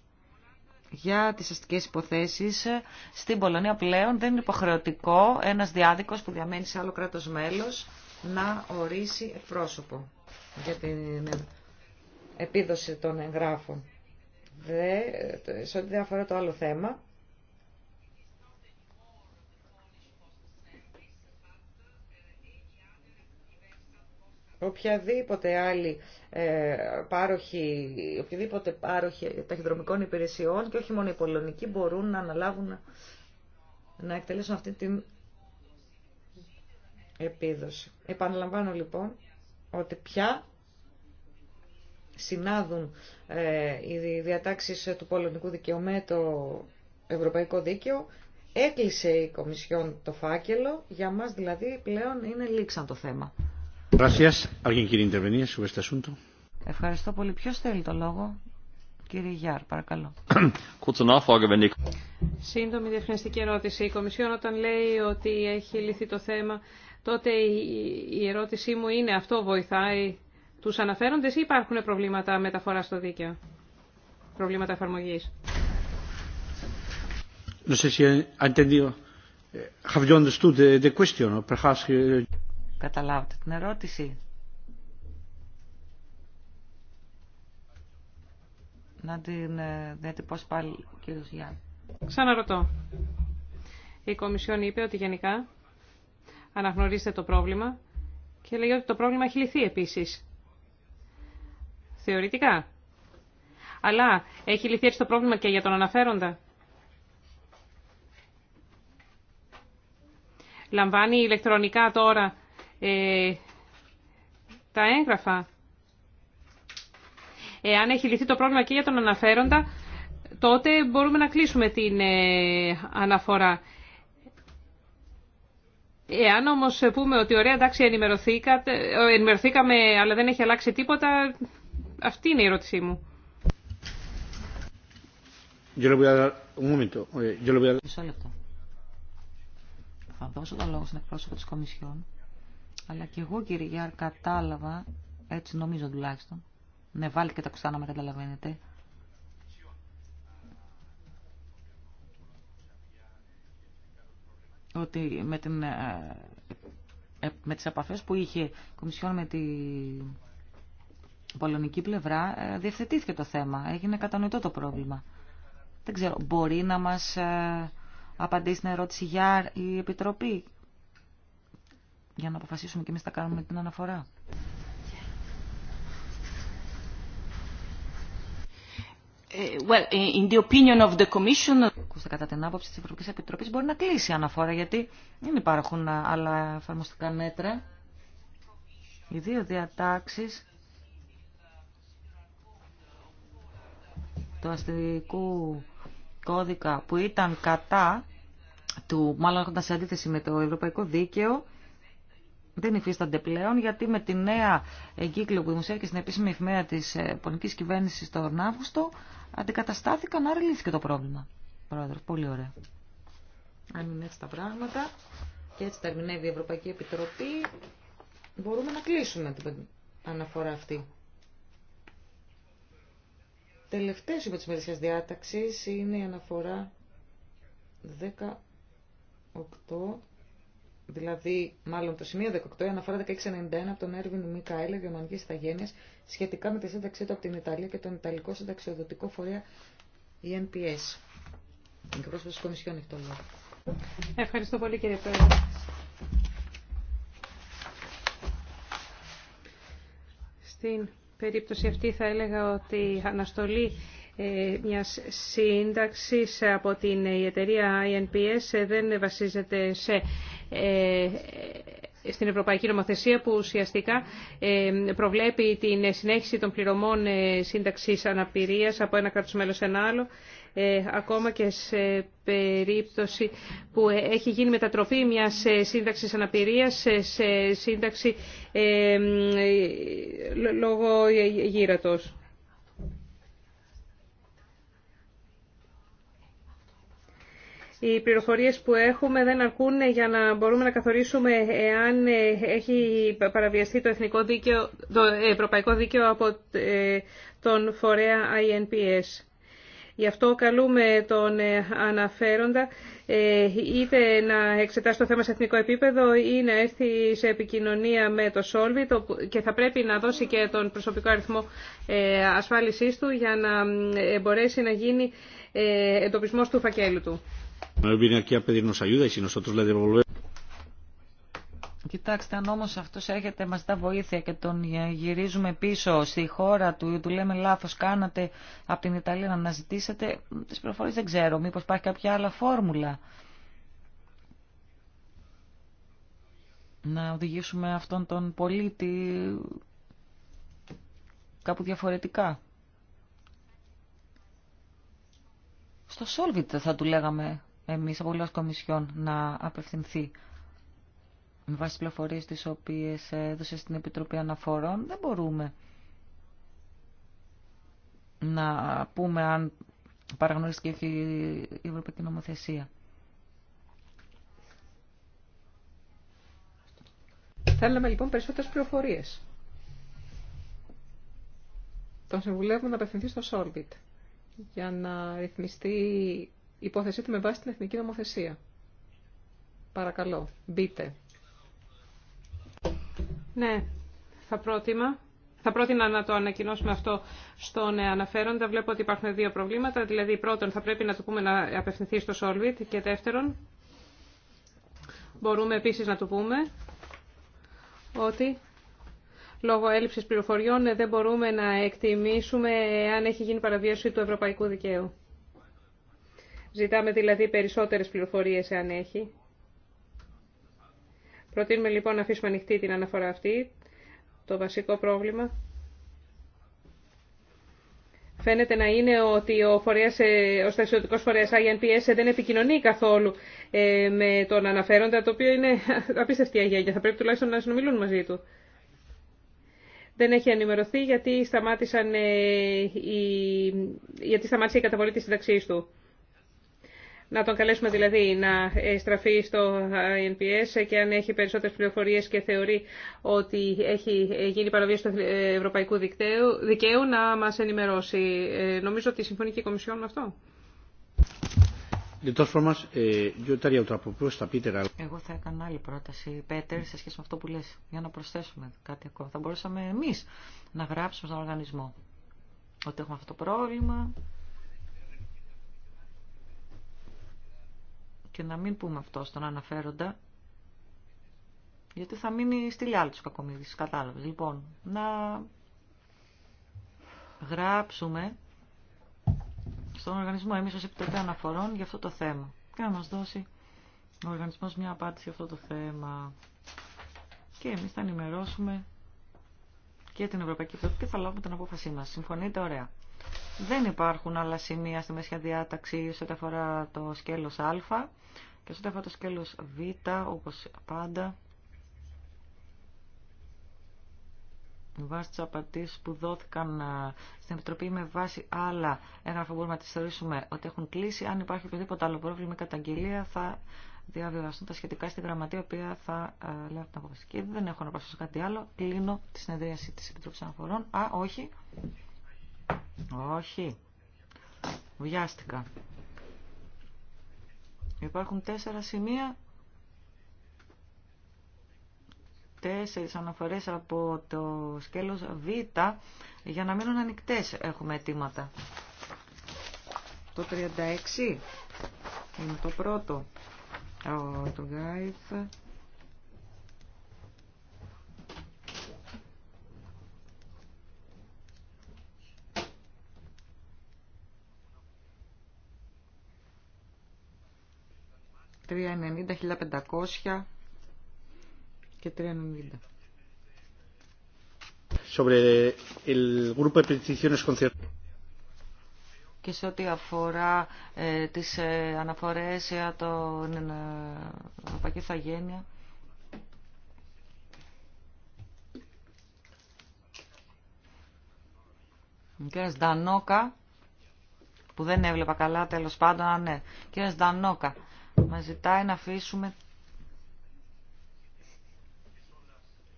για τις αστικές υποθέσεις στην Πολωνία πλέον δεν είναι υποχρεωτικό ένας διάδικος που διαμένει σε άλλο κράτος μέλος να ορίσει πρόσωπο για την επίδοση των εγγράφων. σε ό,τι αφορά το άλλο θέμα, οποιαδήποτε άλλη ε, πάροχη, οποιαδήποτε πάροχη ταχυδρομικών υπηρεσιών και όχι μόνο οι πολωνικοί μπορούν να αναλάβουν να εκτελέσουν αυτή την επίδοση. Επαναλαμβάνω λοιπόν ότι πια συνάδουν ε, οι διατάξεις του πολωνικού δικαίου με το ευρωπαϊκό δίκαιο. Έκλεισε η Κομισιόν το φάκελο, για μας δηλαδή πλέον είναι λήξαν το θέμα. Ευχαριστώ πολύ. Ποιο θέλει το λόγο, κύριε Γιάρ, παρακαλώ. Σύντομη διευκρινιστική ερώτηση. Η Κομισιόν όταν λέει ότι έχει λυθεί το θέμα, τότε η ερώτησή μου είναι αυτό βοηθάει του αναφέροντες ή υπάρχουν προβλήματα μεταφορά στο δίκαιο, προβλήματα εφαρμογής. Καταλάβατε την ερώτηση. Να την ε, διατυπώσει πάλι ο κύριος Γιάννη. Ξαναρωτώ. Η Κομισιόν είπε ότι γενικά αναγνωρίζεται το πρόβλημα και λέει ότι το πρόβλημα έχει λυθεί επίσης. Θεωρητικά. Αλλά έχει λυθεί έτσι το πρόβλημα και για τον αναφέροντα. Λαμβάνει ηλεκτρονικά τώρα ε, τα έγγραφα. Εάν έχει λυθεί το πρόβλημα και για τον αναφέροντα, τότε μπορούμε να κλείσουμε την ε, αναφορά. Εάν όμως πούμε ότι ωραία εντάξει ε, ενημερωθήκαμε αλλά δεν έχει αλλάξει τίποτα, αυτή είναι η ερώτησή μου. Μισό λεπτό. Θα δώσω τον λόγο στην εκπρόσωπο της Κομισιόν αλλά και εγώ κύριε Γιάρ κατάλαβα, έτσι νομίζω τουλάχιστον, με ναι, βάλει και τα κουστά να με καταλαβαίνετε, ότι με, την, ε, ε, με τις επαφές που είχε η Κομισιόν με την πολωνική πλευρά ε, διευθετήθηκε το θέμα, έγινε κατανοητό το πρόβλημα. Δεν ξέρω, μπορεί να μας απαντήσει την ερώτηση για η Επιτροπή για να αποφασίσουμε και εμείς τα κάνουμε την αναφορά. Ε, well, in the opinion of the Commission... κατά την άποψη της Ευρωπαϊκής Επιτροπής μπορεί να κλείσει η αναφορά γιατί δεν υπάρχουν άλλα εφαρμοστικά μέτρα. Οι δύο διατάξεις του αστυνομικού κώδικα που ήταν κατά του, μάλλον έχοντας αντίθεση με το ευρωπαϊκό δίκαιο, δεν υφίστανται πλέον γιατί με τη νέα εγκύκλιο που δημοσιεύτηκε στην επίσημη εφημεία της ε, πολιτικής κυβέρνηση τον Αύγουστο αντικαταστάθηκαν, άρα λύθηκε το πρόβλημα. Πρόεδρο, πολύ ωραία. Αν είναι έτσι τα πράγματα και έτσι τα ερμηνεύει η Ευρωπαϊκή Επιτροπή, μπορούμε να κλείσουμε την αναφορά αυτή. Τελευταίο υπό τι είναι η αναφορά 18 δηλαδή μάλλον το σημείο 18 αναφορά 1691 από τον Έρβιν Μικαέλε, Γερμανική ηθαγένεια, σχετικά με τη σύνταξή του από την Ιταλία και τον Ιταλικό Συνταξιοδοτικό Φορέα η NPS. Ευχαριστώ πολύ κύριε Πρόεδρε. Στην περίπτωση αυτή θα έλεγα ότι η αναστολή ε, μιας σύνταξης από την ε, εταιρεία INPS ε, δεν βασίζεται σε ε, στην Ευρωπαϊκή Νομοθεσία που ουσιαστικά ε, προβλέπει την συνέχιση των πληρωμών ε, σύνταξης αναπηρίας από ένα κράτος μέλος σε ένα άλλο, ακόμα και σε περίπτωση που έχει γίνει μετατροπή μιας σύνταξης αναπηρίας σε σύνταξη λόγω γύρατος. οι πληροφορίες που έχουμε δεν αρκούν για να μπορούμε να καθορίσουμε εάν έχει παραβιαστεί το, εθνικό δίκαιο, το ευρωπαϊκό δίκαιο από ε, τον φορέα INPS. Γι' αυτό καλούμε τον ε, αναφέροντα ε, είτε να εξετάσει το θέμα σε εθνικό επίπεδο ή να έρθει σε επικοινωνία με το Solvit και θα πρέπει να δώσει και τον προσωπικό αριθμό ασφάλισής του για να μπορέσει να γίνει εντοπισμός του φακέλου του. Κοιτάξτε, αν όμω αυτό έρχεται, μα τα βοήθεια και τον γυρίζουμε πίσω στη χώρα του, του λέμε λάθο κάνατε από την Ιταλία να αναζητήσετε, τι προφορές δεν ξέρω, μήπως υπάρχει κάποια άλλα φόρμουλα. Να οδηγήσουμε αυτόν τον πολίτη κάπου διαφορετικά. Στο Σόλβιτ θα του λέγαμε εμείς από όλες κομισιόν να απευθυνθεί με βάση πληροφορίε τις οποίες έδωσε στην Επιτροπή Αναφορών. Δεν μπορούμε να πούμε αν παραγνωρίστηκε και η Ευρωπαϊκή Νομοθεσία. Θέλαμε λοιπόν περισσότερες πληροφορίες. Τον συμβουλεύουμε να απευθυνθεί στο Solvit για να ρυθμιστεί υπόθεσή του με βάση την εθνική νομοθεσία. Παρακαλώ, μπείτε. Ναι, θα πρότεινα, θα πρότεινα να το ανακοινώσουμε αυτό στον ε, αναφέροντα. Βλέπω ότι υπάρχουν δύο προβλήματα. Δηλαδή, πρώτον, θα πρέπει να του πούμε να απευθυνθεί στο Solvit και δεύτερον, μπορούμε επίσης να του πούμε ότι λόγω έλλειψης πληροφοριών ε, δεν μπορούμε να εκτιμήσουμε ε, αν έχει γίνει παραβίαση του ευρωπαϊκού δικαίου. Ζητάμε δηλαδή περισσότερες πληροφορίες αν έχει. Προτείνουμε λοιπόν να αφήσουμε ανοιχτή την αναφορά αυτή. Το βασικό πρόβλημα φαίνεται να είναι ότι ο, φορέας, ε, ο στασιωτικός φορέας INPS δεν επικοινωνεί καθόλου ε, με τον αναφέροντα, το οποίο είναι απίστευτη αγένεια. Θα πρέπει τουλάχιστον να συνομιλούν μαζί του. Δεν έχει ενημερωθεί γιατί, σταμάτησαν, ε, σταμάτησε η καταβολή της συνταξής του. Να τον καλέσουμε δηλαδή να ε, στραφεί στο INPS ε, και αν έχει περισσότερες πληροφορίες και θεωρεί ότι έχει ε, γίνει παραβίαση του Ευρωπαϊκού Δικαίου να μας ενημερώσει. Νομίζω ότι συμφωνεί και η Κομισιόν με αυτό. Εγώ θα έκανα άλλη πρόταση, Πέτερ, σε σχέση με αυτό που λες, για να προσθέσουμε κάτι ακόμα. Θα μπορούσαμε εμείς να γράψουμε στον οργανισμό ότι έχουμε αυτό το πρόβλημα, και να μην πούμε αυτό στον αναφέροντα, γιατί θα μείνει στη λιάλη τους κακομίδης, κατάλαβες. Λοιπόν, να γράψουμε στον οργανισμό εμείς ως επιτροπή αναφορών για αυτό το θέμα και να μας δώσει ο οργανισμός μια απάντηση για αυτό το θέμα. Και εμείς θα ενημερώσουμε και την Ευρωπαϊκή Επιτροπή και θα λάβουμε την απόφασή μας. Συμφωνείτε, ωραία. Δεν υπάρχουν άλλα σημεία στη μεσιά διάταξη σε ό,τι αφορά το σκέλος Α και σε ό,τι αφορά το σκέλος Β, όπως πάντα. Βάσει τι απαντήσει που δόθηκαν ε, στην Επιτροπή με βάση άλλα έγγραφα μπορούμε να τι θεωρήσουμε ότι έχουν κλείσει. Αν υπάρχει οποιοδήποτε άλλο πρόβλημα ή καταγγελία θα διαβιβαστούν τα σχετικά στη γραμματεία, η οποία θα ε, λάβει την Και Δεν έχω να προσθέσω κάτι άλλο. Κλείνω τη συνεδρίαση τη Επιτροπή Αναφορών. Α, όχι. Όχι. Βιάστηκα. Υπάρχουν τέσσερα σημεία. Τέσσερις αναφορές από το σκέλος Β για να μείνουν ανοιχτές έχουμε αιτήματα. Το 36 είναι το πρώτο. το guide. 390, και 390. Sobre el grupo de peticiones και σε ό,τι αφορά ε, τις ε, αναφορές για τον Ευρωπαϊκή Θαγένεια. Κύριε Σντανόκα, που δεν έβλεπα καλά τέλος πάντων, ναι, κύριε Στανόκα μας ζητάει να αφήσουμε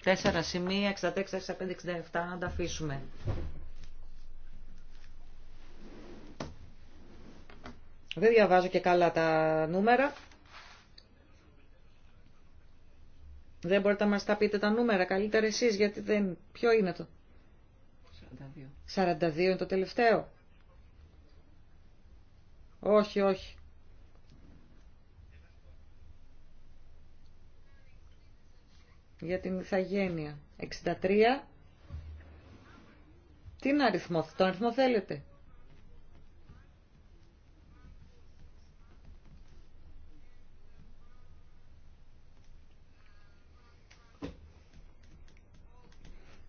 τέσσερα σημεία, 66, 65, 67, να τα αφήσουμε. Δεν διαβάζω και καλά τα νούμερα. Δεν μπορείτε να μας τα πείτε τα νούμερα, καλύτερα εσείς, γιατί δεν... Ποιο είναι το... 42. 42 είναι το τελευταίο. Όχι, όχι. Για την Ιθαγένεια 63. Τι είναι το αριθμό, θέλετε.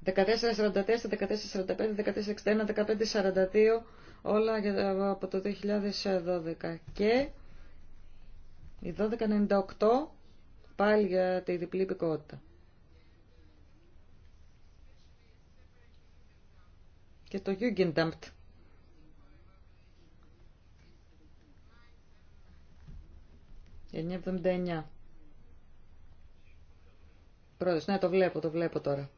1444, 1445, 1461, 1542. Όλα από το 2012. Και η 1298. Πάλι για τη διπλή ποιότητα. και το Jugendamt. ...979. Πρόεδρος, ναι, το βλέπω, το βλέπω τώρα.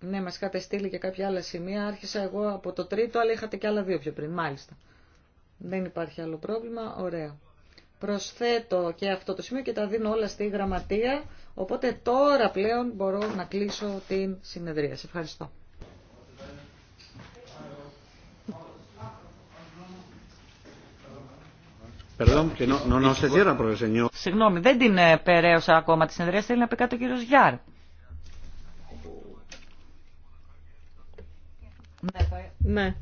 Ναι, μας είχατε στείλει και κάποια άλλα σημεία. Άρχισα εγώ από το τρίτο, αλλά είχατε και άλλα δύο πιο πριν. Μάλιστα. Δεν υπάρχει άλλο πρόβλημα. Ωραία προσθέτω και αυτό το σημείο και τα δίνω όλα στη γραμματεία. Οπότε τώρα πλέον μπορώ να κλείσω την συνεδρία. Σε ευχαριστώ. Συγγνώμη, δεν την ε, περαίωσα ακόμα τη συνεδρία. Θέλει να πει κάτι ο κύριο Γιάρ. Ναι.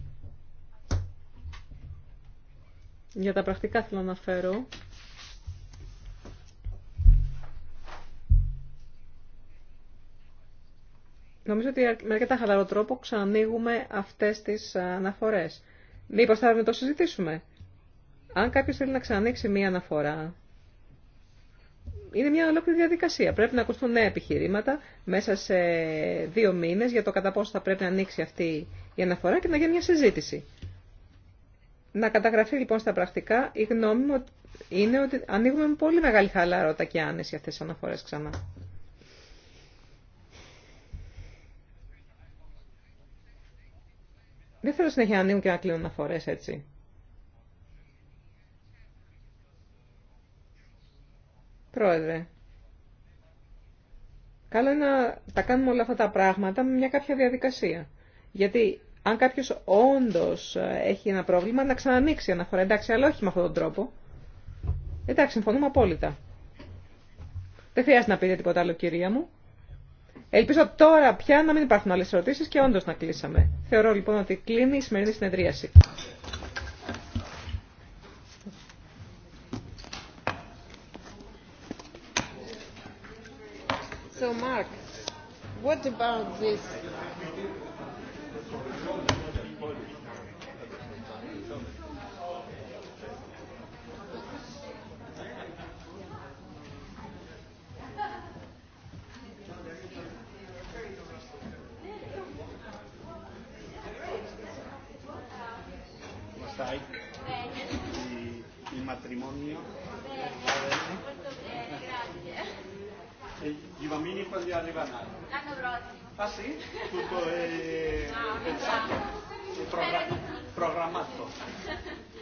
Για τα πρακτικά θέλω να φέρω. Νομίζω ότι με αρκετά χαλαρό τρόπο ξανανοίγουμε αυτές τις αναφορές. Μήπως θα το συζητήσουμε. Αν κάποιο θέλει να ξανανοίξει μία αναφορά, είναι μια ολόκληρη διαδικασία. Πρέπει να ακουστούν νέα επιχειρήματα μέσα σε δύο μήνε για το κατά πόσο θα πρέπει να ανοίξει αυτή η αναφορά και να γίνει μια συζήτηση. Να καταγραφεί λοιπόν στα πρακτικά η γνώμη μου είναι ότι ανοίγουμε με πολύ μεγάλη χαλαρότητα και άνεση αυτές τις αναφορές ξανά. Δεν θέλω συνέχεια να ανοίγουν και να κλείνουν αναφορέ έτσι. Πρόεδρε, καλό είναι να τα κάνουμε όλα αυτά τα πράγματα με μια κάποια διαδικασία. Γιατί αν κάποιο όντω ε, έχει ένα πρόβλημα, να ξανανοίξει αναφορά. Εντάξει, αλλά όχι με αυτόν τον τρόπο. Εντάξει, συμφωνούμε απόλυτα. Δεν χρειάζεται να πείτε τίποτα άλλο, κυρία μου. Ελπίζω τώρα πια να μην υπάρχουν άλλε ερωτήσει και όντω να κλείσαμε. Θεωρώ λοιπόν ότι κλείνει η σημερινή συνεδρίαση. So Mark, what about this? matrimonio. E I bambini quando arrivano? L'anno prossimo. Ah sì? Tutto è pensato, è programmato.